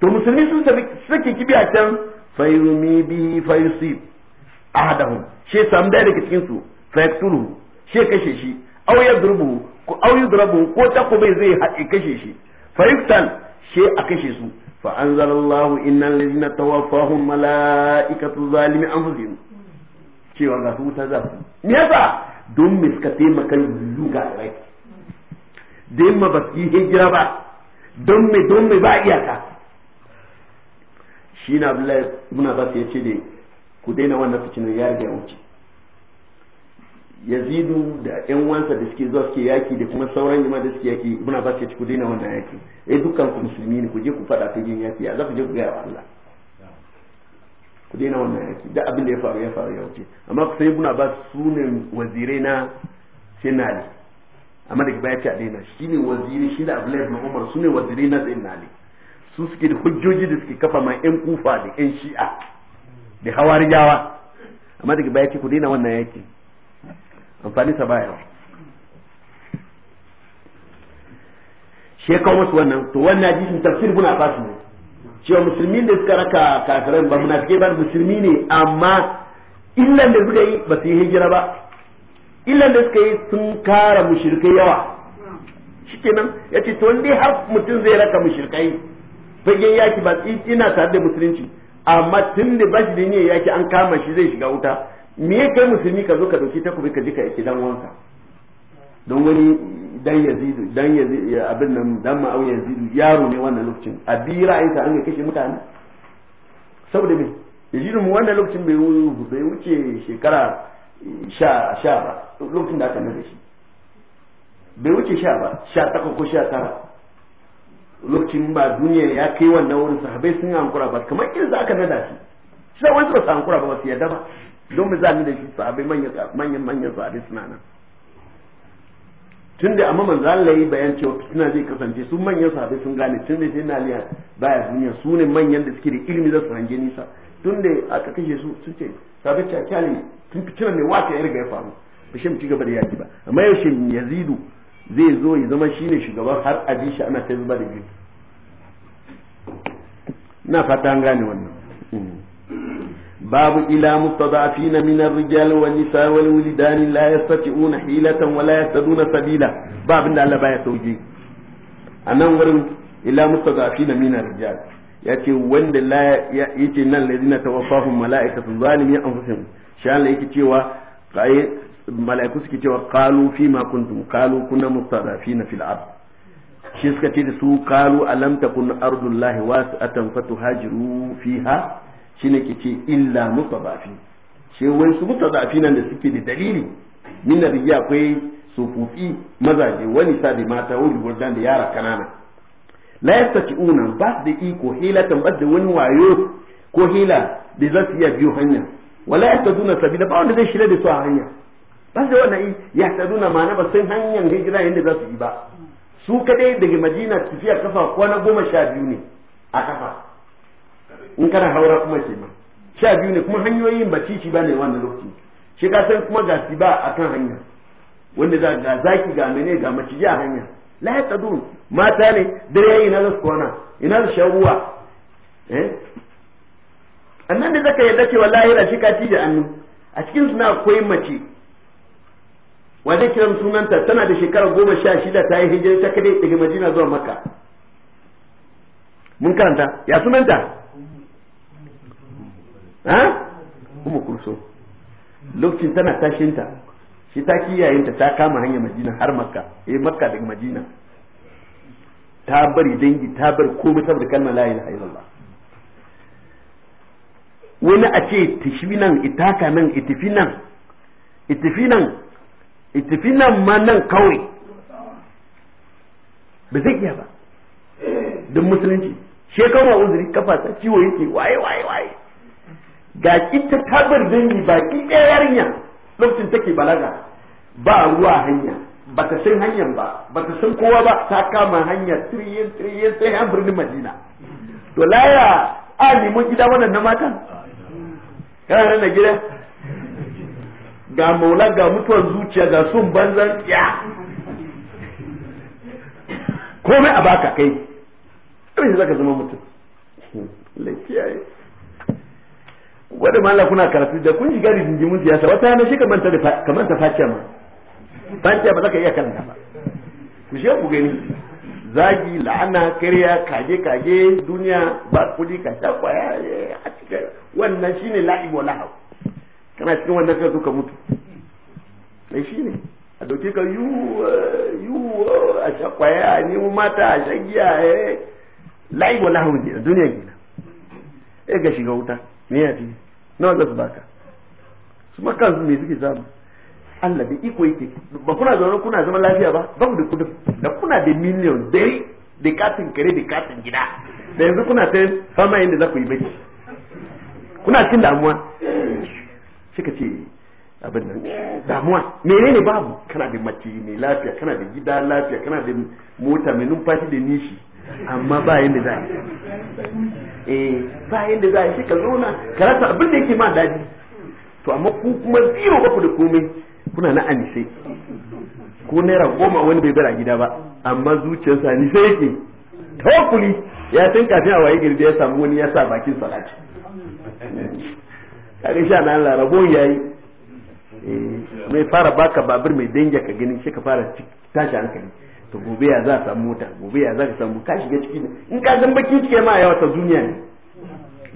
to musulmi sun sake kibiya can fayrumi bi fayusib ahadahum she sam daya daga cikin su fayaktulu she kashe shi aw yadrubu ko aw yadrubu ko takobai zai haɗe kashe shi faiftal she a kashe su fa anzalallahu innal ladina tawaffahum malaikatu zalimi anfusihim cewa ga su wuta za su me yasa don me suka taimaka lulu ga rai da ma ba su yi hijira ba don me don me ba iyaka shi na abdullahi muna ba su yace ne ku daina wannan fitinan ya riga ya wuce yazidu da yan wansa da suke zuwa suke yaki da kuma sauran jama'a da suke yaki muna ba ya ci ku daina wannan yaki eh dukkan ku musulmi ne ku je ku fada ta jin yaki a za ku je ku ga Allah ku daina wannan yaki da abin da ya faru ya faru ya wuce amma ku sai muna ba sunan wazirai na sinali amma daga baya ce a daina shi ne waziri shi da abdullahi ibn umar su ne wazirai na sinali su suke da hujjoji da suke kafa ma yan kufa da yan shi'a da hawarijawa amma daga baya ce ku daina wannan yaki amfani sa baya shi musu wannan to wannan hadisin tafsir ibn fasu ne cewa musulmi da suka raka kafirai ba munafike ba musulmi ne amma illan da suka yi ba su yi hijira ba illan da suka yi sun kara mushrikai yawa shikenan yace to dai har mutum zai raka mushrikai fagen yaki ba ina tare da musulunci amma tun da bashi da niyyar yaki an kama shi zai shiga wuta me ya kai musulmi ka zo ka dauki takobi ka ji ka yake dan wanka don wani dan yazidu dan yazidu abin nan dan ma'au yazidu yaro ne wannan lokacin a bi ra'ayinsa an kashe mutane saboda me yazidu mu wannan lokacin bai bai wuce shekara sha sha ba lokacin da aka nuna shi bai wuce sha ba sha takwas ko sha tara lokacin ba duniya ya kai wannan wurin sahabai sun yi hankura ba kamar irin za aka nada shi shi wani su ba su hankura ba ba su yarda ba don mu zami da shi sahabai manyan manyan sahabai suna nan tun da amma manzo Allah yi bayan cewa fitina zai kasance sun manyan sahabai sun gane tun da sai na baya duniya su ne manyan da suke da ilimi za su range nisa tun da aka kashe su sun ce sahabai ta kyale tun fitina ne wata ya riga ya faru ba shi mu ci gaba da yaki ba amma yaushe yazidu zai zo ya zama shi ne shugaban har a ana ta zuba da biyu na fata an gane wannan باب إلى مستضعفين من الرجال والنساء والولدان لا يستطيعون حيلة ولا يهتدون سبيلا باب إن الله بايا توجيه أنا ورم إلى مستضعفين من الرجال yace wanda la yace nan ladina tawaffahum malaikatu zalimi anfusihim shi Allah yake cewa kai malaiku suke cewa qalu fi ma kuntum qalu kunna mustadafina fil ard shi suka ce da su qalu alam takun ardullahi wasi'atan fatuhajiru ne ke ce illa mutadafi ce wai su mutadafi nan da suke da dalili min na akwai sufufi mazaje wani sa da mata wani gurdan da yara kanana la unan ba da iko hilatan ba da wani wayo ko hila da za su iya biyo hanya wala sabi da ba wanda zai shirya da su a hanya ba da wannan duna ma na ba sun hanyar hijira yadda za su yi ba su kadai daga madina tafiya kafa kwana goma sha biyu ne a kafa in kana haura kuma kenan sha biyu ne kuma hanyoyin ba ci ba ne wannan lokaci shi ka san kuma ga ba a kan hanya wanda za ga zaki ga mene ga maciji a hanya la ya tsadu mata ne dare yayi na zasu kwana ina su sha ruwa eh annan da zaka yadda cewa lahira shi ka ci da annu a cikin suna akwai mace wa zai kiran sunanta tana da shekara goma sha shida ta yi hijira ta kadai daga madina zuwa makka mun karanta ya sunanta ha kuma kurso lokacin tana tashinta shi ta kiyayenta ta kama hanyar madina har makka eh makka daga madina ta bari dangi ta bari komai saboda kalmar la ilaha illallah wani a ce tishbi nan itaka nan itifi nan itifi nan itifi nan ma nan kawai ba zai iya ba don musulunci shekaru a uzuri kafa ta ciwo yake waye waye waye ga ita tabar dangi baki ɗaya yarinya lokacin take balaga ba ruwa hanya ba ta san hanyar ba ba ta san kowa ba ta kama hanya tiriyen tiriyen sai an birnin madina to laya a mun gida wannan na matan kana nan gida ga maula ga mutuwar zuciya ga sun banzan ya komai a baka kai abin zaka zama mutum lafiya wanda mallam kuna karatu da kun shiga rigingimin siyasa wata yana shi kamar ta kamar ta faciya ma faciya ba za ka iya karanta ba ku shi ku gani zagi la'ana kariya kage kage duniya ba kudi ka ta kwaya a cikin wannan shine la'ibu lahau kana cikin wannan ka ka mutu sai shine a dauke ka yu yu a sha kwaya a mu mata a sha giya eh. la'ibu wala ne duniya gina sai ga shiga wuta me ya fi nawa za su baka su makansu me suke samu Allah da iko yake ba kuna zaune kuna zama lafiya ba ba mu da kudin da kuna da miliyan dai da katin kare da katin gida da yanzu kuna ta fama yadda za ku yi bacci kuna cikin damuwa suka ce abin nan damuwa menene babu kana da mace mai lafiya kana da gida lafiya kana da mota mai numfashi da nishi amma ba da za eh ba da za shi ka zauna ka rasa abin da yake ma daji to amma ku kuma zero ba ku da komai kuna na anise ko naira goma wani bai bara gida ba amma zuciyarsa anise yake tawakkuli ya san kafin a waye girbi ya samu wani ya sa bakin salati kaga sha nan larabon yayi eh, mai fara baka babur mai danja ka gani shi ka fara tashi hankali to gobe ya za samu mota gobe ya za ka samu ka shiga ciki ne in ka san bakin ciki ma yawa ta duniya ne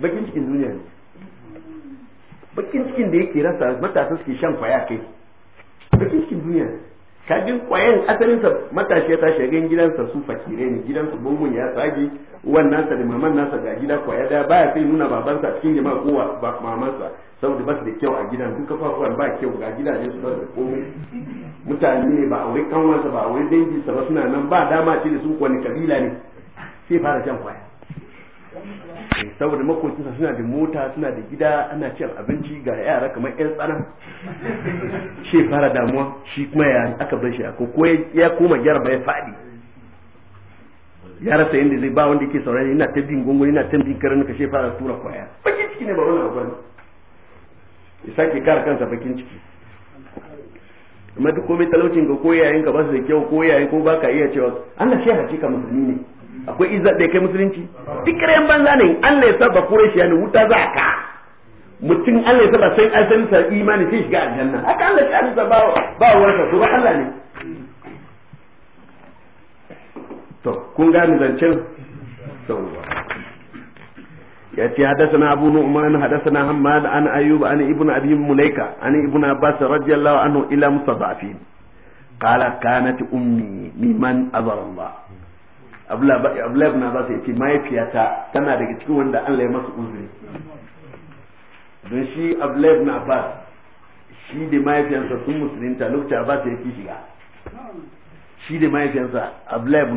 bakin cikin duniya ne bakin cikin da yake rasa matasa suke shan kwaya kai bakin cikin duniya ne kajin kwayan asalin sa matashi ya tashi gidan gidansa su fakire ne su bangon ya tsage wannan sa da maman nasa ga gida kwaya da baya sai nuna babansa cikin jama'a ko mamansa saboda ba su da kyau a gidan duka fafuwan ba kyau ga gidajen su ba da komai mutane ba a wuri kanwansa ba a wuri sa ba suna nan ba dama ce da su kwani kabila ne sai fara jan kwaya saboda sa suna da mota suna da gida ana cin abinci ga yara kamar yan tsana shi fara damuwa shi kuma ya aka bar shi a ko ya koma gyara ba ya faɗi ya rasa yadda zai ba wanda yake saurari yana ta bin gungun yana ta bin karin ka shi fara tura kwaya baki ciki ne ba wani abu ya sake kara kansa bakin ciki amma duk komai talaucin ga ko yayin ka ba su da kyau ko yayin ko baka iya cewa Allah shi hace ka musulmi ne akwai izza da kai musulunci duk ran banza ne Allah ya saba kureshi ne wuta za ka mutum Allah ya saba sai an san sa imani sai shiga aljanna haka Allah ya saba ba ba wanda to ba Allah ne to kun ga mu zancen sauwa يأتي حدثنا أبو نعمان حدثنا حماد عن أيوب عن ابن أبي مليكة عن ابن عباس رضي الله عنه إلى مستضعفين قال كانت أمي ممن أذر الله Abdullahi ibn Abbas ya mahaifiyata tana daga cikin wanda Allah ya masa uzuri don shi Abdullahi ibn Abbas shi da mahaifiyarsa sun musulunta lokacin Abbas ya ki shiga shi da mahaifiyarsa Abdullahi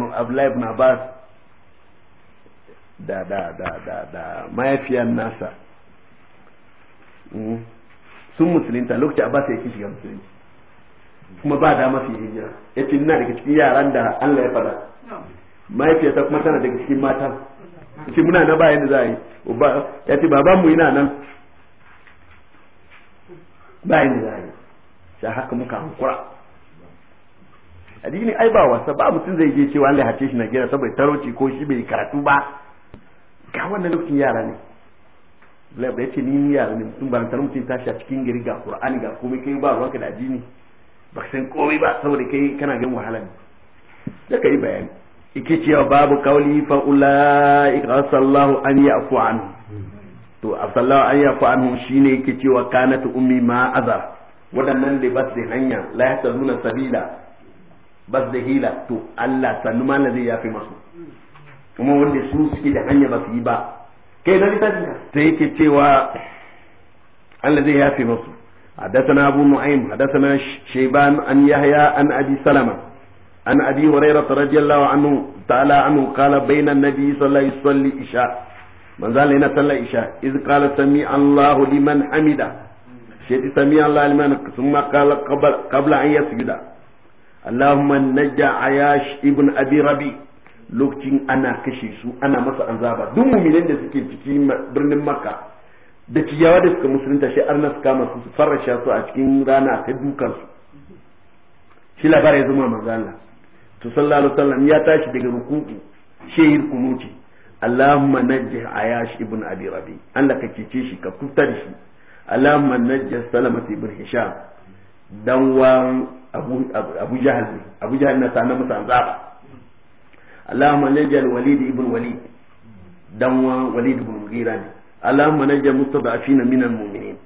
ibn Abbas da da da da da mayafiyan nasa hmm. sun musulunta lokacin ba su yake shiga musulunci kuma ba da mafi hijira ya ce ina daga cikin yaran da allah ya fada mahaifiyarta kuma tana daga cikin mata ce muna na bayan da za a yi ya ce babanmu yana nan bayan da za a yi sai haka muka hankura a jini ai ba wasa ba mutum zai je cewa Allah ya hace shi na gida saboda taroci ko shi bai karatu ba ga wannan lokacin yara ne da yace ce ni yara ne mutum ba ta tarin mutum tashi a cikin gari ga qur'ani ga komai kai ba ruwanka da addini ba san komai ba saboda kai kana ganin wahala ne da kai bayani ike cewa babu kauli fa ka sallahu an ya'fu anhu to afsallahu an ya'fu anhu shine yake cewa kanat ummi ma azar wadannan da bas da hanya la yasaluna sabila bas da hila to Allah sannu ma zai yafi masu kuma wanda su suke da hanya ba su yi ba kai na littafin ka sai yake cewa Allah zai yafe musu حدثنا أبو نعيم حدثنا شيبان عن يحيى عن أبي سلمة عن أبي هريرة رضي الله عنه تعالى عنه قال بين النبي صلى الله عليه وسلم إشاء من ذا لنا صلى إشاء إذ قال سميع الله لمن حمده شيء سميع الله لمن ثم قال قبل, قبل أن يسجد اللهم نجع عياش ابن أبي ربيع lokacin ana kashe su ana masa zaba duk muminan da suke cikin birnin makka da ciyawa da suka musulunta shi arna su kama su su farasha su a cikin rana ta dukan su shi labarai zuma manzala to sallallahu alaihi wasallam ya tashi daga rukuku shehir kunuti allahumma najjih ayash ibn abi rabi Allah ka cece shi ka kuta da shi allahumma najjih salamat ibn hisham dan wa abu abu jahal abu jahal na sanan masa zaba. Allahumma najjal Walid ibn Walid dan wa Walid ibn Mughira ne Allahumma najjal mustada'afina minal mu'minin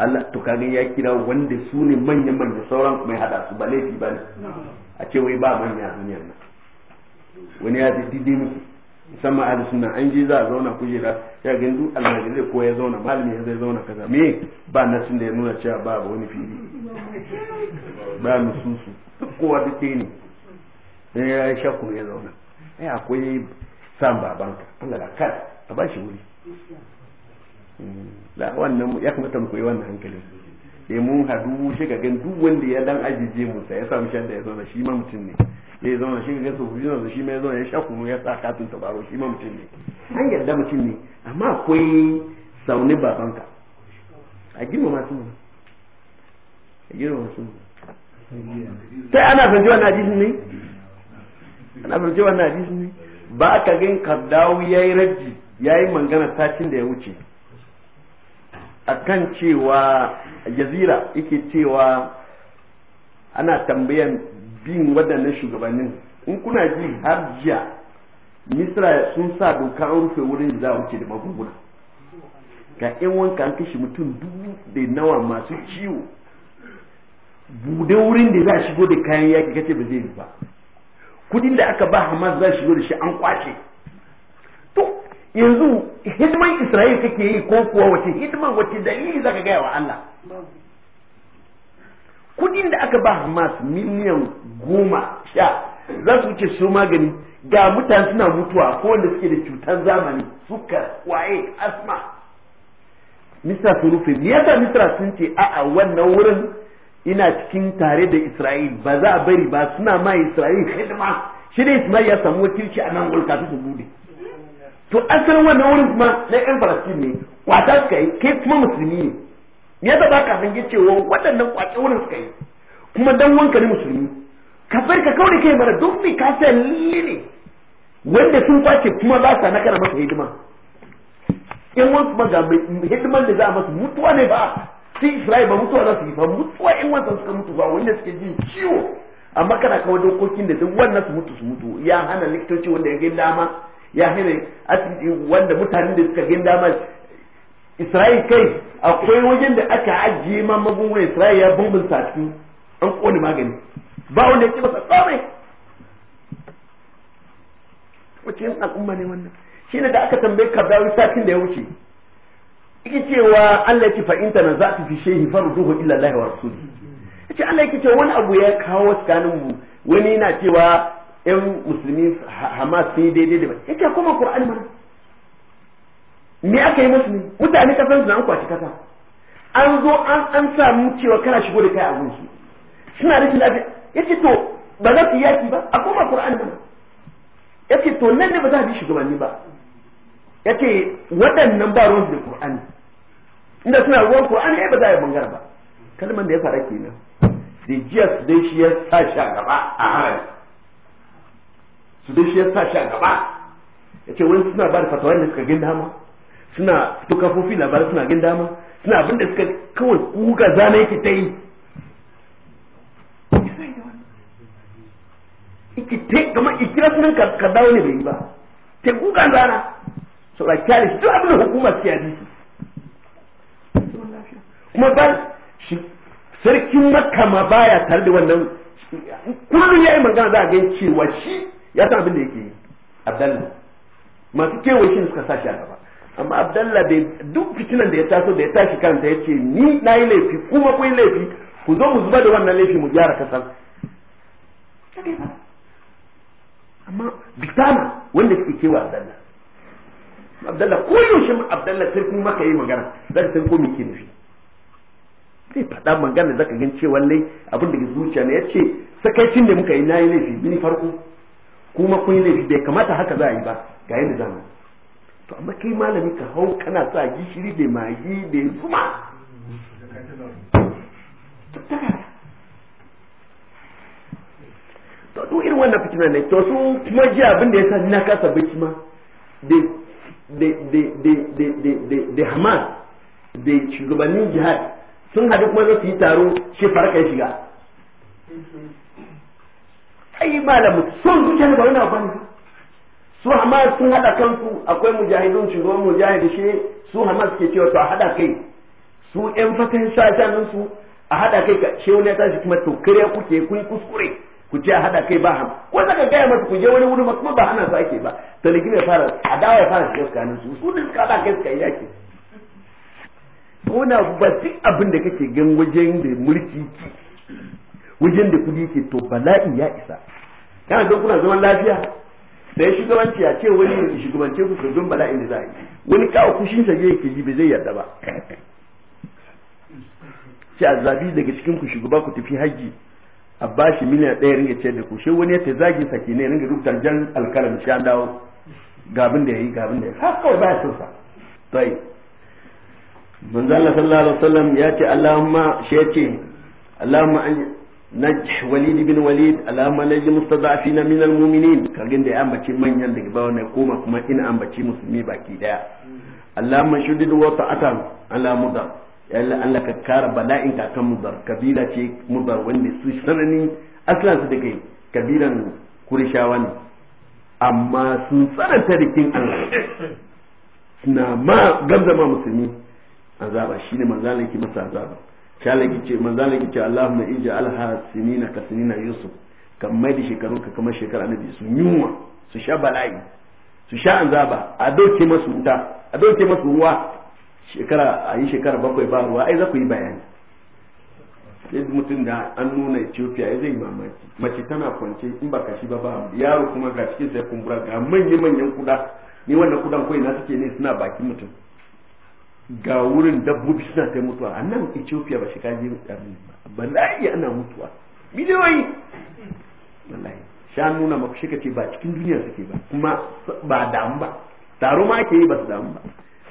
Allah to kaga ya kira wanda su ne manyan manyan sauran mai hada su ba laifi ba ne a ce wai ba manya a duniyar nan wani ya ji didi muku musamman a sunna an ji za a zauna kujera ya ga duk almajirai ko ya zauna malami ya zai zauna kaza me ba nasin da ya nuna cewa ba wani fili ba nususu kowa duk ne ya sha kuma ya zauna in eh, akwai san babanka Allah la kar a ba shi wuri hmm. la wannan ya kamata mu koyi wannan hankali dai eh, mun hadu shi ga gan duk wanda ya dan ajije mu sai ya samu shi da ya zauna shi ma mutum ne ya zauna shi ga su biyu shi ma ya zo ya shaku mu ya sa katun tabaro shi ma mutum ne an yarda mutum ne amma akwai sauni babanka a masu su a masu su sai ana sanjiwa na hadisin ne ana fahimci wannan hadisi ne ba ka gan yi yayi ya yi mangana satin da ya wuce a kan cewa jazira yake cewa ana tambayan bin waɗannan shugabannin in kuna ji har jiya misra sun sa doka an rufe wurin za a wuce da magunguna ga yan wanka an kashe mutum dubu da nawa masu ciwo bude wurin da za a shigo da kayan yaki kace ba zai yi ba kudin da aka ba Hamas za shi da shi an kwace to yanzu hidiman Isra'il kake yi ko kuwa wace hidiman wace dalili zaka gaya wa Allah kudin da aka ba Hamas miliyan goma sha za su wuce su magani ga mutane suna mutuwa ko wanda suke da cutar zamani suka waye asma Mr. sun rufe me yasa Misra sun ce a'a wannan wurin ina cikin tare da Isra'il ba za a bari ba suna ma Isra'il hidima shi ne Ismail ya samu wakilci a nan gulka su bude to asalin wannan wurin kuma na yan Falastin ne kwata suka yi kai kuma musulmi ne me yasa ba ka hange cewa waɗannan kwace wurin suka yi kuma dan wanka ne musulmi ka bar ka kawai kai mara duk mai ka san ne wanda sun kwace kuma ba sa na masa hidima Ƴan wasu ma ga hidiman da za a masa mutuwa ne ba sai isra'il ba mutuwa za su yi ba mutuwa in wansa suka mutu ba wanda suke jin ciwo amma kana kawo dokokin da duk wannan su mutu su mutu ya hana likitoci wanda ya gani dama ya hana asibiti wanda mutanen da suka gani dama isra'il kai akwai wajen da aka ajiye ma magungunan isra'il ya bumbun su an kone magani ba wanda ya ce masa tsamai wace yin al'umma ne wannan shine da aka tambaye ka dawo satin da ya wuce yake cewa Allah yake fa inta za ta fi shehi duhu illa Allah wa rasuli yace Allah yake cewa wani abu ya kawo tsakanin mu wani yana cewa ɗan musulmi Hamas sai daidai da yake kuma Qur'ani ma me aka yi musulmi mutane kasan su an kwaci kasa an zo an an samu cewa kana shigo da kai a gunsu suna rashin lafiya yace to ba za su yaki ba a koma Qur'ani ma yace to nan ne ba za a bi shugabanni ba Yake waɗannan ba ruwan da Qur'ani inda suna ruwan Qur'ani ai ba za a yi bangar ba kalman da ya fara kenan da jiya su dai shi ya sa shi a gaba a haraji su dai shi ya sa shi a gaba ya ce wani suna ba da fatawa da suka ginda ma suna fito kafofi labarai suna ginda ma suna abin da suka kawai kuka zane yake ta yi Iki ikite kama ikira sunan ka ne bai yi ba te kuka zana saboda kyale shi duk abin da hukumar suke hadisi kuma ba shi sarkin makka ma baya tare da wannan kullum yayi magana za a ga cewa shi ya san abin da yake yi abdallah masu kewaye shi suka sa shi a gaba amma abdallah bai duk fitinan da ya taso da ya tashi kanta ya ce ni na yi laifi kuma kun laifi ku zo mu zuba da wannan laifi mu gyara kasar amma bitama wanda suke kewa abdallah abdallah ko yaushe abdallah sai kuma maka yi magana zai san ko me ke nufi sai faɗa magana zaka gan cewa lai abin da zuciya ne yace sakaicin da muka yi nayi laifi ni farko kuma kun yi laifi bai kamata haka za a yi ba ga yadda zamu to amma kai malami ka hau kana sa gishiri da magi da zuma to duk irin wannan fitina ne to su kuma ji abin da yasa na kasa bai ma da da da Hamas da shugabannin jihad sun haɗu kuma za su yi taro shi farka ya shiga ai malamu sun zuciya ne ba wani abu ne su hamas sun haɗa kansu akwai mujahidun shugaban mujahidi shi su hamas ke cewa to a haɗa kai su ƴan fatan shashanin su a haɗa kai shi wani ya tashi kuma to kare kuke kun kuskure ku ce a haɗa kai ba ham ko saka gaya masa ku je wani wuri kuma ba hana su ake ba talibin ya fara adawa ya fara shiga tsakanin su su da suka haɗa kai suka yi yaki wani ba duk abin da kake gan wajen da mulki ki wajen da kudi ke to bala'i ya isa kana don kuna zaman lafiya da ya shugabanci a ce wani shugabance ku don bala'in da za a yi wani kawo kushin sa yake ji bai zai yarda ba sai a zabi daga cikin ku shugaba ku tafi hajji a bashi miliyan ɗaya ringa ce da ku shi wani ya ta zagi sa ne ringa rubuta jan alkalam sha dawo gabin da ya yi gabin da ya yi har kawai baya son manzo Allah sallallahu alaihi wasallam ya ce Allahumma shi yace Allahumma an najh walid bin walid Allahumma najj mustada'afina min almu'minin ka ginda ya ambaci manyan daga bawa ne koma kuma ina ambaci musulmi baki daya Allahumma shuddid wa ta'atan ala mudar yalla Allah ka kara bala'in ka kan mudar kabila ce mudar wanda su sanani aslan su da kai kabilan kurishawa ne amma sun tsananta rikin Allah suna ma gamzama musulmi azaba shine manzala ki masa azaba shala ce manzala ki ce Allahumma alha sinina ka sinina yusuf kan mai da shekaru ka kamar shekara annabi su yunwa su sha bala'i su sha azaba a dauke masu wuta a dauke masu ruwa shekara a yi shekara bakwai ba ruwa ai za ku yi bayani sai mutum da an nuna Ethiopia ya zai mamaki mace tana kwance in ba kashi ba ba yaro kuma ga cikin sai kumbura ga manya manyan kuda ni wannan kudan kawai na suke ne suna bakin mutum ga wurin dabbobi suna ta mutuwa a nan ethiopia ba shiga je bala'i ana mutuwa miliyoyi wallahi shanu na mafi shika ce ba cikin duniya suke ba kuma ba damu ba taro ma ke yi ba su damu ba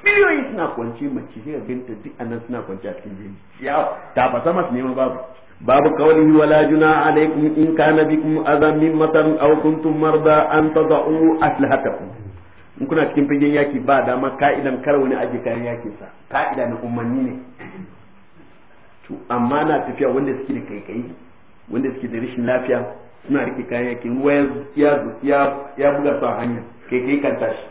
miliyoyi suna kwanci mace sai binta duk anan suna kwanci a cikin jini ya ta sama masu neman babu babu kawalihi wala juna alaikum in kana bikum azan min matan aw kuntum marda an tada'u aslahatakum in kuna cikin fagen yaki ba dama ka'idan kar wani aje kayan yakin sa ka'ida na umarni ne to amma na tafiya wanda suke da kaikayi wanda suke da rashin lafiya suna rike kayan yakin ruwa ya ya ya buga su a hanya kaikayi kan tashi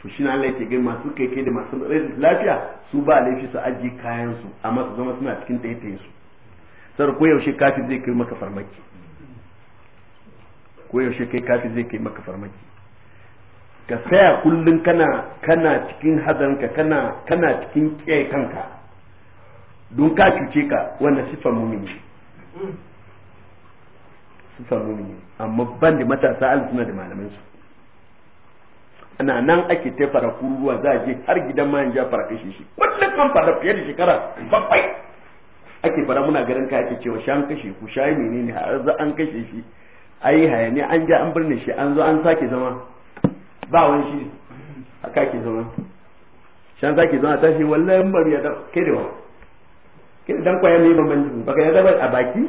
to shi na Allah yake gani masu kaikayi da masu rashin lafiya su ba laifi su aje kayan su amma su zama suna cikin taitayin su sar ko yaushe kafin zai kai maka farmaki ko yaushe kai kafin zai kai maka farmaki ka saya kullum kana kana cikin hazanka kana kana cikin kiyaye kanka don ka cuce ka wannan sifar mumini sifar mumini amma ban da matasa alisuna da malaman su ana nan ake ta fara kuruwa za a je har gidan man ja fara kashe shi kullum kan fara fiye da shekara babbai ake fara muna garin ka ake cewa shan kashe ku shayi menene har an kashe shi ayi hayaniya an ja an birne shi an zo an sake zama ba wani shi a kake zama shan zaki zama tashi wallahi bar ya da kai da kai da dan kwaya mai bambanci baka ya zama a baki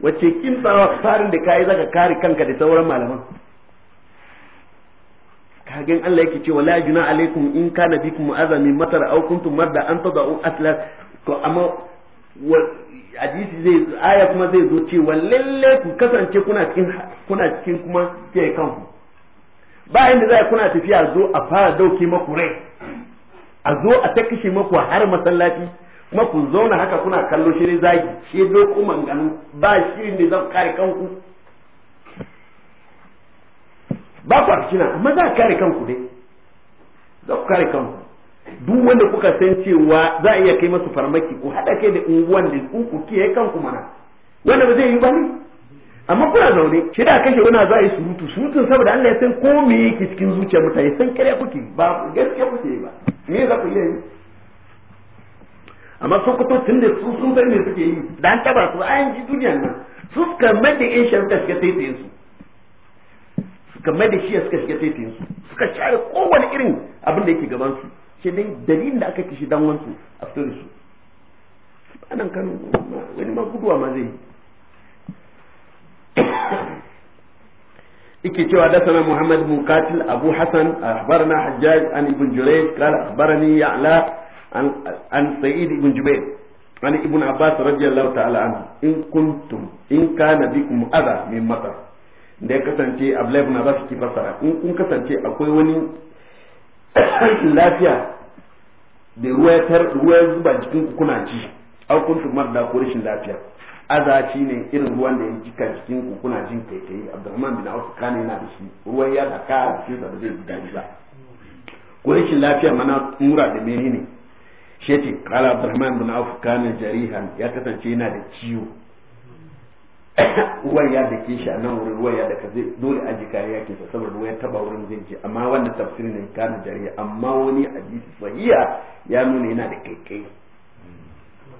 wace kin tsawa farin da kai zaka kare kanka da sauran malaman kagen Allah yake cewa la juna alaikum in kana bikum mu'azami matar aw kuntum madda an tadau asla to amma hadisi zai aya kuma zai zo cewa lalle ku kasance kuna cikin kuna cikin kuma ke kanku ba inda za kuna tafiya zo a fara dauke maku rai a zo a ta kashe maku har masallaci kuma ku zauna haka kuna kallo shi ne zagi shi doko manganu ba shirin ne zan kare kanku ba ku fitina amma za a kare kanku dai za ku kare kanku duk wanda kuka san cewa za a iya kai masu farmaki ku haɗa kai da unguwan da ku ku kiyaye kanku mana wanda ba zai yi ba ne amma kuna zaune shi da kashe kuna za a yi surutu surutun saboda Allah ya san ko me yake cikin zuciyar mutane san kare kuke ba gaskiya kuke ba me za ku iya yi amma sun kuto tun da su sun san ne suke yi da an taba su an ji duniya nan su suka mai da yan sharuka suka taitayin su suka mai da shiya suka shiga taitayin su suka share kowane irin abin da yake gaban su shi ne dalilin da aka kishi dan wansu a fito da su anan kano wani ma guduwa ma zai yi ike cewa dasana Muhammad mukatil Qatil Abu Hasan akhbarana Hajjaj an ibn Jurayj qala akhbarani Ya'la an an Sa'id ibn an ibn Abbas radiyallahu ta'ala anhu in kuntum in kana bikum adha min da ya kasance ibn Abbas ki fasara in kun kasance akwai wani [COUGHS] lafiya da ruwa ruwa zuba jikin ku kuna ci au marda ko rashin lafiya aza shi ne irin ruwan da ya jika jikin ku kuna jin kaikayi abdurrahman bin auf kana yana da shi ruwan ya daka a cikin sa ba zai ji daɗi ba ko rashin lafiya mana mura da menene shi ce kala abdurrahman bin auf kana jarihan ya kasance yana da ciwo ruwan ya dake shi a nan wurin ruwan ya daka zai dole a jika ya ke saboda ruwan ya taba wurin zai ji amma wannan tafsirin ne kana jariya amma wani hadisi sahiya ya nuna yana da kaikayi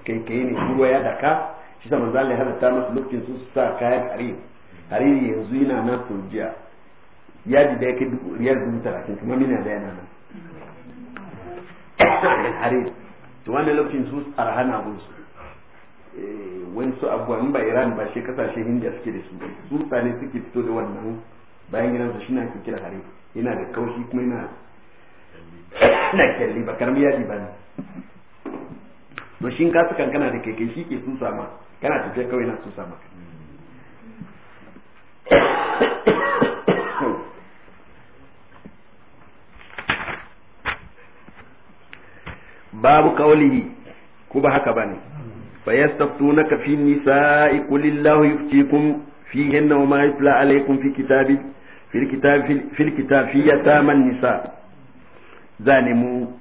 kaikayi ne ruwa ya daka shi ta manzo Allah ya halatta masu lokacin su sa kayan hariri hariri yanzu yana na turjiya ji da yake riyar dubu talatin kuma mina da yana nan hariri to wannan lokacin su arhana gunsu eh, wani su abuwa in ba iran ba shi kasashen india suke da su su ne suke fito da wannan bayan gidansa shi na ake kira hariri yana da kaushi kuma yana na kyalli ba karmi yaji ba ne to shin ka su kankana da keke shi ke su sama kana tafiya kawai na tusa maka babu kaulihi ko ba haka bane fa yastaftunaka fi nisa'i qul illahu yuftikum fihinna wa ma yutla alaykum fi kitabi fil kitabi fil kitabi taman nisa za mu.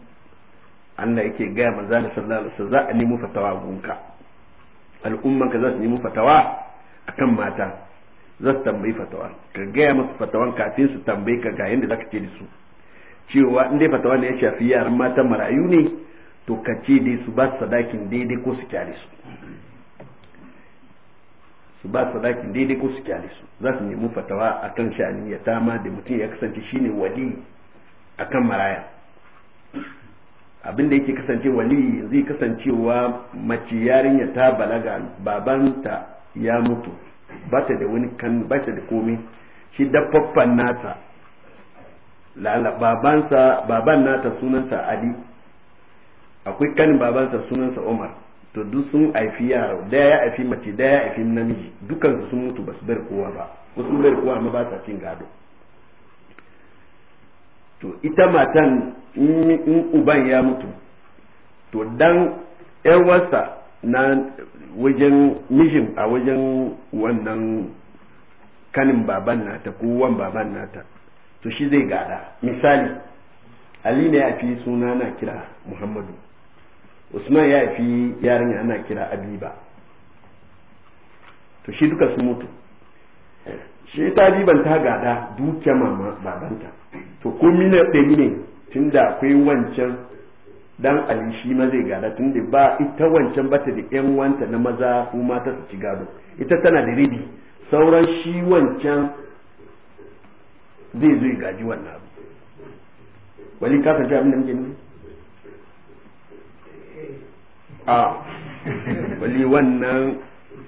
Allah yake ga manzo sallallahu alaihi wasallam za a nemo fatawa gunka al'umman ka za su nemi fatawa kan mata za su tambayi fatawa ka gaya masu fatawan kafin su tambayi ka ga yadda za ka ce da su cewa in dai fatawa ne ya shafi yaran mata marayu ne to ka ce dai su ba sadakin daidai ko su kyale su su ba sadakin daidai ko su kyale su za su nemi fatawa akan sha'ani ya tama da mutum ya kasance shine wali akan maraya abin da yake kasance wali zai kasancewa mace yarinya ta balaga babanta ya mutu ba ta da wani kan ba da komai shi dafaffan nata lala babansa baban nata sunansa ali akwai kanin babansa sunansa umar to duk sun haifi yara daya ya haifi mace daya ya haifi namiji dukansu sun mutu ba su bar kowa ba wasu bar kowa amma ba sa cin gado to ita matan in uban ya mutu to dan wasa na wajen mijin a wajen wannan kanin baban nata ko wan baban nata to shi zai gada misali ali ne ya fi suna na kira muhammadu usman ya fi yarinya ana kira abiba to shi duka su mutu shi ta ban ta gada dukiyar mama babanta to ko miliyar ɗari ne tun da akwai wancan dan ali shi ma zai gada tun da ba ita wancan ba ta da yan wanta na maza ko mata su ci gado ita tana da ribi sauran shi wancan zai zai gaji wannan abu wani ka sanci abin da muke nuna a wani wannan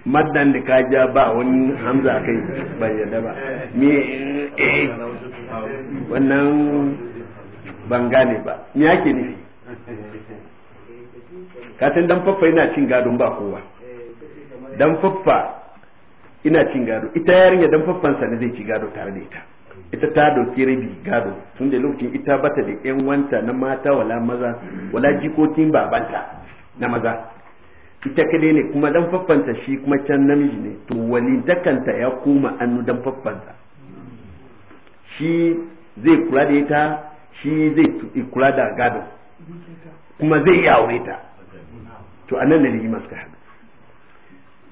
maddan da ka ja ba wani hamza kai ban yadda ba me eh wannan ban gane ba me yake nufi katin dan faffa ina cin gadon ba kowa dan faffa ina cin gado ita yarinya dan faffan sa ne zai ci gado tare da ita ita ta dauki rabi gado tun da lokacin ita bata da yan wanta na mata wala maza wala jikokin babanta na maza ita kadai ne kuma dan faffanta shi kuma can namiji ne to wali dakanta ya koma annu dan faffanta shi zai kula da ita shi zai kula da gado kuma zai yi aure ta to anan ne rigima masu haɗu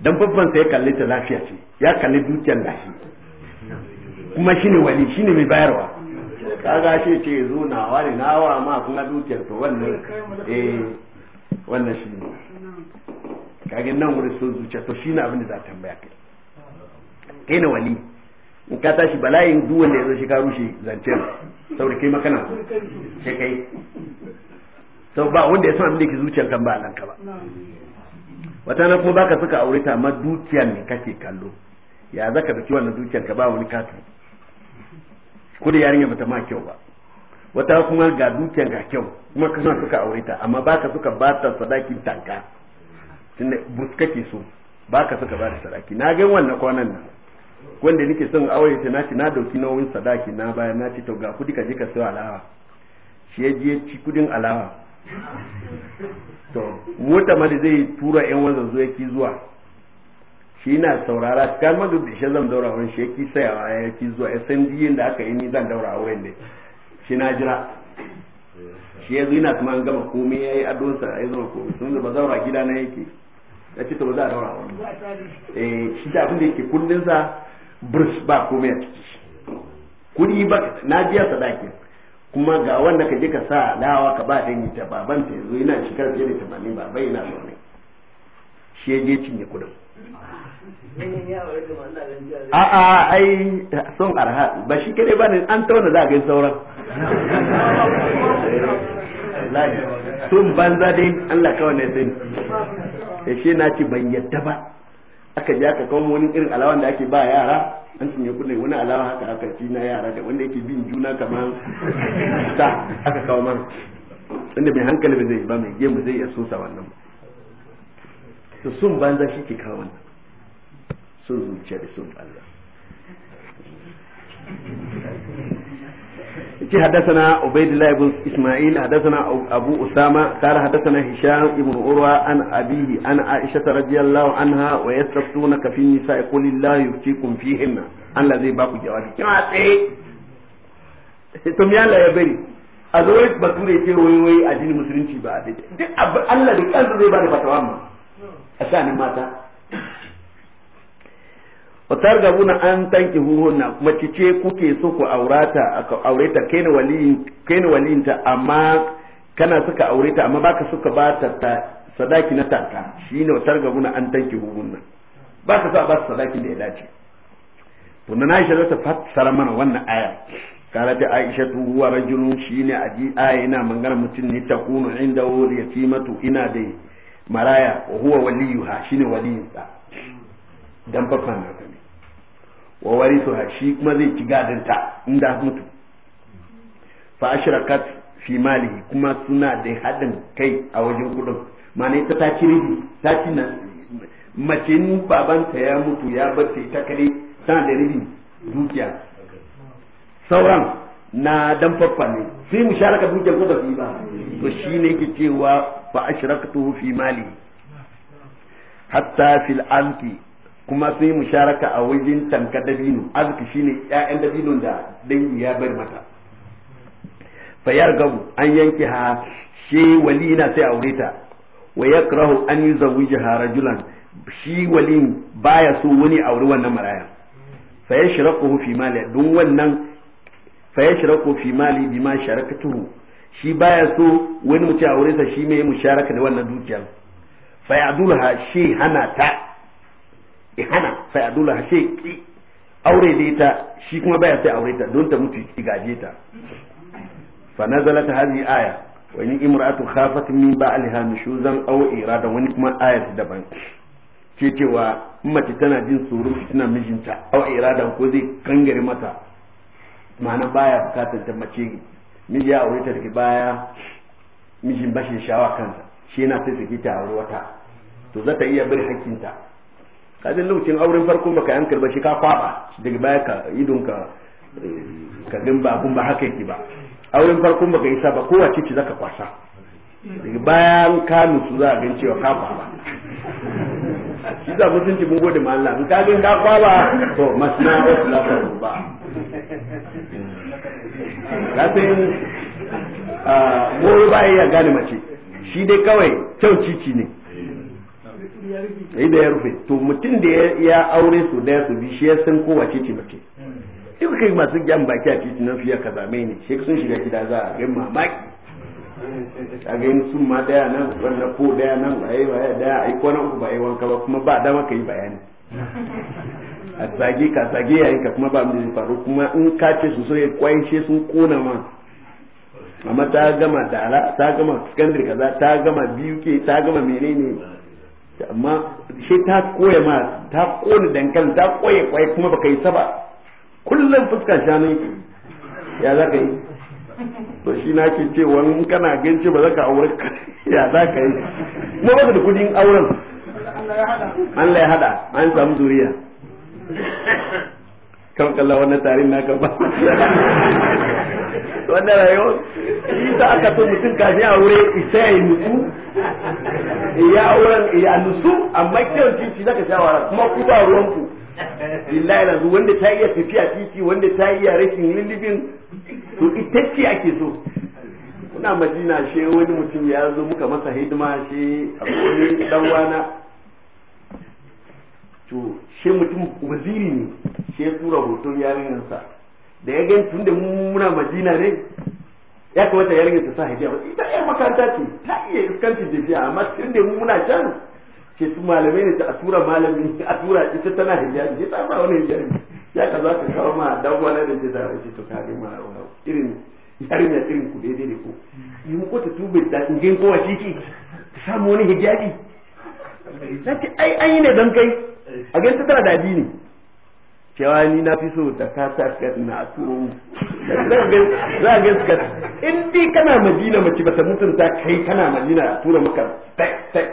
dan faffanta ya kalli ta lafiya ce ya kalli dukiyar gashi kuma shi ne wali ne mai bayarwa kaga shi ce zo nawa ne nawa ma kuma dukiyar to wannan eh wannan shi ne kage nan wurin sun zuciya to shine abin da za ta tambaya kai kai na wali in ka tashi bala'in duk wanda ya zo shi ka rushe zancen saboda kai makana sai kai sau ba wanda ya san abin da ke zuciyar kan ba nan ka ba wata na kuma baka suka aure ta amma dukiyar ne kake kallo ya ka dauki wannan dukiyar ka ba wani katu ko da yarinya bata ma kyau ba wata kuma ga dukiyar ga kyau kuma ka suka aure ta amma baka suka ba ta sadakin tanka tunda buska ke so ka suka ba da sadaki na ga wannan kwanan nan wanda nake son aure ta naci na dauki nauyin sadaki na baya na ce to ga kudi ka je ka sayo alawa shi ya je ci kudin alawa to mota ma da zai tura yan wanzan zo yaki zuwa shi na saurara kan da shi zan daura wani shi yake sayawa ya yaki zuwa ya san biyin da aka yi ni zan daura auren ne shi na jira shi ya zo yana kuma an gama komai ya yi adonsa ya zama komai sun zaba zaura gida na yake ya ce to ba za a daura wani eh, shi da abin da yake kundin sa burs ba komai a ciki Kuɗi ba na biya sadakin kuma ga wanda ka je ka sa dawa ka ba dangi ta baban ta yanzu yana shekara fiye da tamanin bai yana zaune shi ya je cinye kudin a a ai son arha ba shi kadai ba ne an tauna za a gai sauran [LAUGHS] sun banza dai Allah kawai ne sani shi na ce ban yadda ba aka ji aka kawo wani irin alawa da ake ba yara an cinye kuɗi wani alawa haka aka ci na yara da wanda yake bin juna kamar ta aka kawo man wanda mai hankali ba zai ba mai gemu zai iya sosa wannan ba to sun banza shi ke kawo wannan sun zuciya da sun banza yace hadathana ubaidillah ibn abu usama qala hadathana hisham ibn urwa an abihi an aisha radhiyallahu anha wa yastaftunaka fi nisa'i qul lillahi yuftikum fihinna Allah zai baku jawabi kina a zo wai bature ce wai wai addinin ba da kansa zai bada fatawa a mata fatargabuna an tanki huhunna mace kuke so ku aurata aka aureta kai waliyin kai amma kana suka aureta amma baka suka ba ta sadaki na taka shine fatargabuna an tanki huhunna ba ka sa ba su sadaki da ya dace to na Aisha za ta fassara mana wannan aya kala ta Aisha tu huwa rajulun shine aji aya ina mangana mutum ne ta kunu inda wuri yatimatu ina da maraya huwa waliyuha shine sa dan nan. wa warisu shi kuma zai ci gadinta inda mutu fa ashrakat fi malihi kuma suna da hadin kai a wajen kudin ma'ana ita ta ci ribi ta ci na mace ni babanta ya mutu ya bace ta kare tana da ribi dukiya sauran na dan faffa ne sai mu sharaka dukiyar ko ba su yi ba to shine yake cewa fa ashrakatu fi malihi hatta fil anki kuma sun yi musharaka a wajen tanka dabino arziki shine ƴaƴan dabino da dangi ya bar mata fayar gabu an yanke ha she wali na sai aure ta wa yakrahu an jihar rajulan shi ba baya so wani aure wannan maraya fayashraquhu fi mali don wannan fayashraquhu fi mali bima sharakatuhu shi baya so wani mutum aure sa shi mai musharaka da wannan dukiyar fayadulha shi hana ta ya hana sai a dole hashe ki aure da ita shi kuma baya sai aure ta don ta mutu ki gaje ta fa nazalat hadhihi aya wa in imra'atu khafat min ba'liha nushuzan aw iradan wani kuma ayat daban ke cewa mace tana jin tsoron fitina mijinta aw iradan ko zai kangare mata ma'ana baya bukatar ta mace miji ya aure ta daga baya mijin bashin shawa kansa shi yana sai sake ta aure wata to za ta iya bari hakkinta Ka ji lokacin auren farko baka yan ba shi ka kwaba daga baya ka idon eh, ka ka din ba abun ba haka yake ba auren farko baka isa ba kowa ce zaka kwasa daga bayan ka nutsu za a gan cewa ka kwaba shi za mu mutunci mun gode ma Allah in ka gan ka kwaba to masna wa sulata ba kafin mu ba ya gane mace shi dai kawai kyau cici ne sai da ya rufe to mutum da ya aure su daya su bi shi ya san ko wace ce mace in kai masu gyan baki a titi na fiye ka zame ne shi sun shiga gida za a gani mamaki a gani sun ma daya nan wanda ko daya nan a yi waya daya a yi kwana uku ba yi wanka ba kuma ba dama ka yi bayani a zage ka zage yayin ka kuma ba mu zai faru kuma in ka ce su sai ya kwaishe sun kona ma amma ta gama dala ta gama sakandare kaza ta gama biyu ke ta gama menene amma shi ta koya ma ta kone dankalin ta koye kwaye kuma baka yi saba kullum fuska shanu ya za ka yi to shi na ke ce wani kana ganci ba za ka aure ya za ka yi kuma baka da kudin auren Allah ya hada an samu zuriya kan kalla wannan tarin naka ba wannan rayuwar shi ta aka so mutum kafin a wuri isa ya nutsu ya wurin ya nutsu amma kyau titi zaka shawara kuma ku ba ruwanku lillahi yanzu wanda ta iya tafiya titi wanda ta iya rashin lullubin to ita ce ake so kuna madina shi wani mutum ya zo muka masa hidima shi a dan wana to shi mutum waziri ne shi ya tura hoton yarinyarsa da ya gani tun da muna madina ne ya kamata yarinyar ta sa hijabi ita yar makaranta ce ta iya iskanci jefiya amma tun da muna can ce su malamai ne ta a tura malami a tura ita tana hijabi ta ba wani hijabi ya ka za ka kawo ma dagwala da ke zara ce to kare ga ma irin yarinyar irin ku daidai da ku yi ko ta tube da ingin kowa shi ke ta samu wani hijabi zaki ai ai ne dan kai a gaisa tana da ne cewa ni na fi so da ka sa ka na turo za a gaisa ka in dai kana madina mace ba ta mutunta kai kana madina tura maka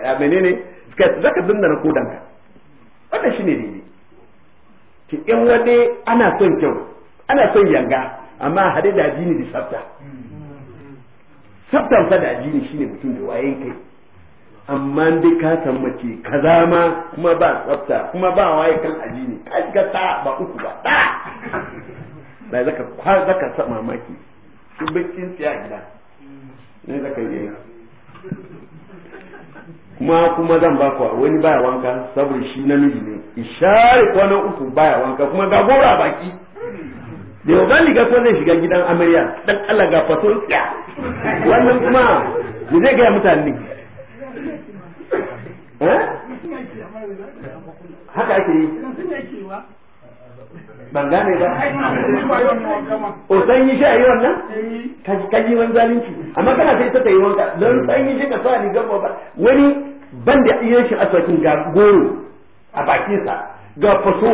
a menene za ka dinda na kodanka wannan shi ne ki yan wani ana son kyau ana son yanga amma hade da addini da sabta mm. sabtan fa da addini shine mutum da wayen kai amma dai ka san mace kaza ma kuma ba tsafta kuma ba waye kan aji ne ka shiga ta ba uku ba da ba zaka kwa zaka sa mamaki shi bakin tsaya gida ne zaka yi kuma kuma zan ba kuwa wani baya wanka saboda shi namiji ne ishari kwana uku baya wanka kuma ga gora baki da yau gani ga ko shiga gidan amarya dan Allah ga faton wannan kuma ne zai ga mutane Eh? haka ake yi ban gane ba o san yi shi a yi wannan kaji wani zalunci amma kana sai ta yi wanka don san shi ka sa gaba ba wani ban da iya shi aswakin ga goro a bakinsa ga faso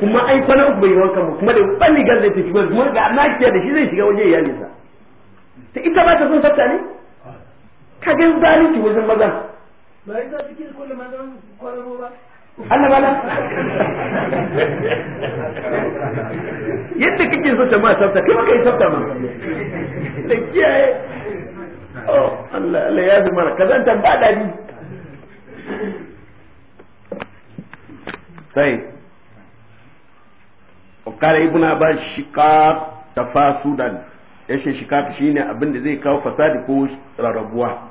kuma ai fana uku bai wanka mu kuma da ban rigar da ta kuma ga nakiya da shi zai shiga waje iyalinsa ta ita ba ta sun sabta ne ka ga zalunci wajen maza ba ba yadda kake so jama'a tsafta kai baka yi tsafta ma da kiyaye oh Allah Allah ya fi mara kazantan ba ni. sai وقال ابن عباس شقاق تفاسدا yace shikaf shine abin da zai kawo fasadi ko rarrabuwa